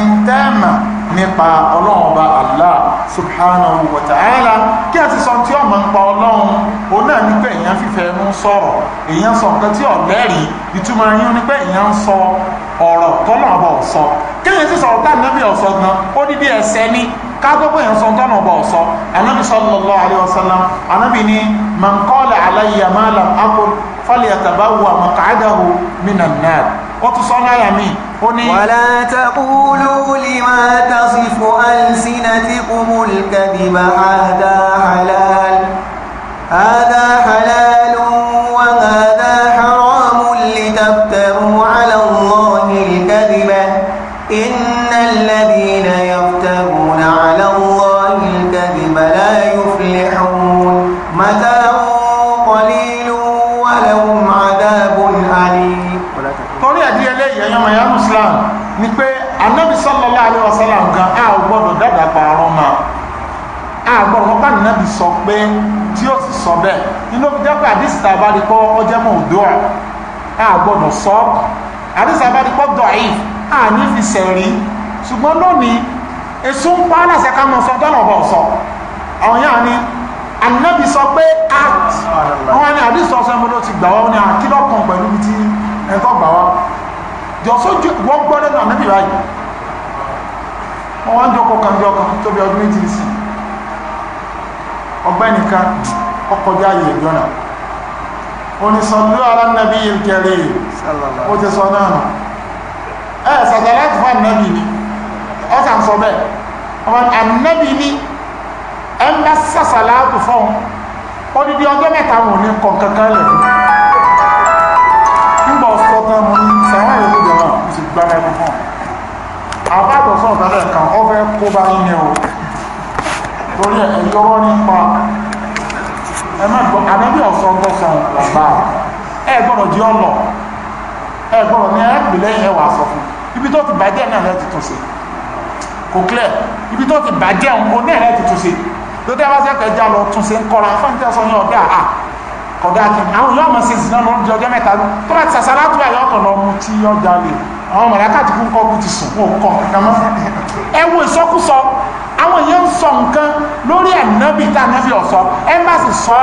Speaker 2: ntẹ́ẹ̀mà nípa ọlọ́run ọba Allah subhanahu wa ta'ala kí ẹ ti sọ tí ọmọ ń pa ọlọ́run ó náà ní pé èèyàn fífẹ́ ń sọ̀rọ̀ èèyàn sọ nǹkan tí ọ̀lẹ́rìí ìtumọ̀ yín ní pé èèyàn ń sọ ọ̀rọ̀ tọ́nà ọba ọ̀sọ́ kéèyàn sì sọ̀rọ̀ táà nábì ọ̀sọ́ gan ó ní bí ẹsẹ̀ ní kágbọ́ pé èèyàn sọ tọ́nà ọba ọ̀sọ́ anábì sallallahu alaihi wasallam anábì ní man qala alayya
Speaker 1: ma lam aqul فليتبوأ مقعده من النار وتصنع يمين ولا تقولوا لما تصف ألسنتكم الكذب هذا حلال هذا حلال وهذا حرام لتفتروا على الله
Speaker 2: sọ pé tí ó sì sọ bẹ́ẹ̀ inú fi jẹ́ pé àdìsí àbádìkọ́ ọjẹ́ mọ̀ òdó ọ̀ a gbọ́dọ̀ sọ àdìsí àbádìkọ́ dọ̀ìf a ní fi sẹ̀rí ṣùgbọ́n lónìí èso ń pa aláṣẹ ká mọ̀ sọ dọ́nà ọ̀bọ̀ sọ àwọn yáà ni ànábì sọ pé act wọn ni àdìsí ọ̀sẹ̀ mo ló ti gbà wá ó ní àkílọ̀kan pẹ̀lú ti ẹ̀kọ́ gbà wá jọ̀sọ́jú wọ́n gbọ́ lẹ́nu ànábì báyìí wọ́n wá ń jọkọ̀ kan jọkọ̀ tóbi ọdún méjì sí ọgbẹ́ni kan ọkọjá yìí jọ́nà onísọ̀lú ara nàbí ìkẹrẹ ó ti sọ náà ẹ sàtàláàtì fún ànábì ni ọ sàn sọ bẹ́ẹ̀ ọmọ ànábì ni ẹ ń bá sàtàláàtì fún odidi ọjọ́ mẹ́ta wò ní kọ̀ọ̀kankan lẹ̀ nígbà ọ̀sọ̀ tán mo ní sàwọn èlò jọ̀nà mo sì gbára ẹni fún àbábọ̀ sọ̀tàlẹ̀ kan ọ fẹ́ kó bá yín ni o torí ẹ̀ yọrọ nípa ẹ má gbọ́ ànábì ọ̀sán tọ́sán làbá ẹ gbọ́dọ̀ jẹ́ ọ̀nà ẹ gbọ́dọ̀ ní ẹ pè lẹ́yìn ẹwà sọ fún ibi tó ti bàjẹ́ náà lẹ́ẹ̀ ti tún ṣe kò clear ibi tó ti bàjẹ́ òun náà lẹ́ẹ̀ ti tún ṣe lóde abájá kẹjá lọ tún ṣe ń kọ́ra fáńtì ọ̀sán yẹn ọ̀dẹ́ àá kọ̀dá kí àwọn yóò mọ̀ sí ìsìná lọ́rùn di ọjọ́ mẹ́ta tó bá ti sàṣàlá tó báyọ̀ ọ̀tọ̀ lọ́mú tí ọjà lè àwọn mọ̀láká ti kú ń kọ́ kú ti sùn kú òun kọ́ ẹ wo ìsọkúsọ àwọn èèyàn ń sọ nǹkan lórí ànábì tá ànábì ọ̀sọ́ ẹmbàsì sọ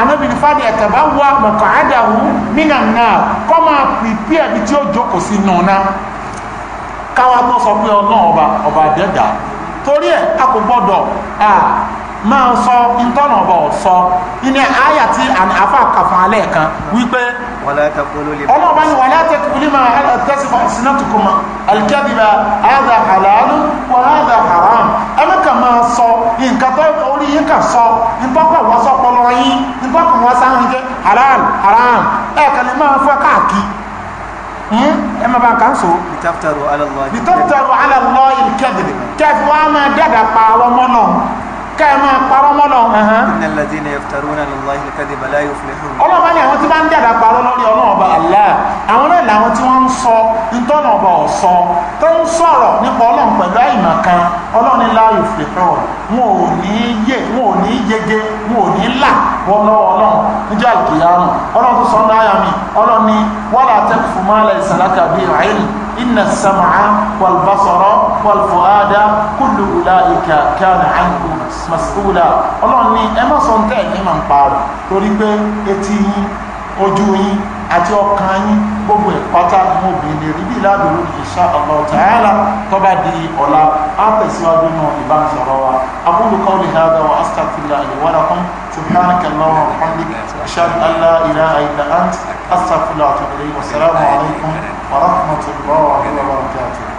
Speaker 2: ànábì ní fàdí ẹ̀tẹ̀bá wà mọ̀kàn àdàwù nínà náà kọ́ máa pìpì ẹ̀bí tí ó jókòó sí nùnà káwá tó sọ pé ọlọ́run ọba ọba àdẹ́dà torí ẹ̀ a kò gbọ́dọ̀ máa sọ ntọ́nà ọ̀bọ̀ sọ ní àyà tí àfa kàfà alẹ́ kan wípé ọlọ́ọ̀bá ni wàlá tẹ́kùlì máa tẹ́sífà sinatukuma alikẹ́bíba àdà halalu wà àdà haram ẹni kà máa sọ nǹkan tó orí yín kà sọ ntọ́kọ̀ wọ́n sọ pọlọ yín ntọ́kọ̀ wọ́n sá ń jẹ halal haram ẹ̀ kàn lè máa fọ́ káàkiri hmm? ẹ máa bá kan so.
Speaker 1: bitaftaru ala Allah ilkẹ́bìrì
Speaker 2: kẹ́ẹ̀fì wọ́n á máa dẹ́gà pa ká ẹ máa parọ́ mọ́nà.
Speaker 1: innal ladhina yaftaruna ala Allahi al-kadhiba la yuflihun.
Speaker 2: ọlọ́ọ̀bá ni àwọn tí bá ń dàda parọ́ lórí
Speaker 1: ọlọ́ọ̀bá Allah
Speaker 2: àwọn náà làwọn tí wọ́n ń sọ ntọ́nà ọba ọ̀sọ́ tó ń sọ̀rọ̀ nípa ọlọ́ọ̀ pẹ̀lú àìmọ̀ kan ọlọ́ọ̀ni la yuflihun wọn ò ní yẹ wọn ò ní yege wọn ò ní là wọn lọ́wọ́ ọlọ́run níjọ́ àlùkìyàmù ọlọ́run tó sọ ní àyà mi ọlọ́run ni wala taqfu ma laysa laka bihi ilm inna as-sam'a wal basara wal fu'ada kullu ulaika kana anhu mas'ula ni ẹ má sọ ń tẹ̀ ní màá ń parọ́ torí pé etí yín ojú yín àti ọkàn yín gbogbo ìpátá mú obìnrin rí bí ládùúgbò insha Allah ta'ala tó bá di ọ̀la á tẹ̀síwájú náà ìbánisọ̀rọ̀ wa aqulu qawli hadha wa astaghfirullahi li wa lakum subhanaka Allahumma wa bihamdika ashhadu an la ilaha ant astaghfiruka wa atubu ilayk wa assalamu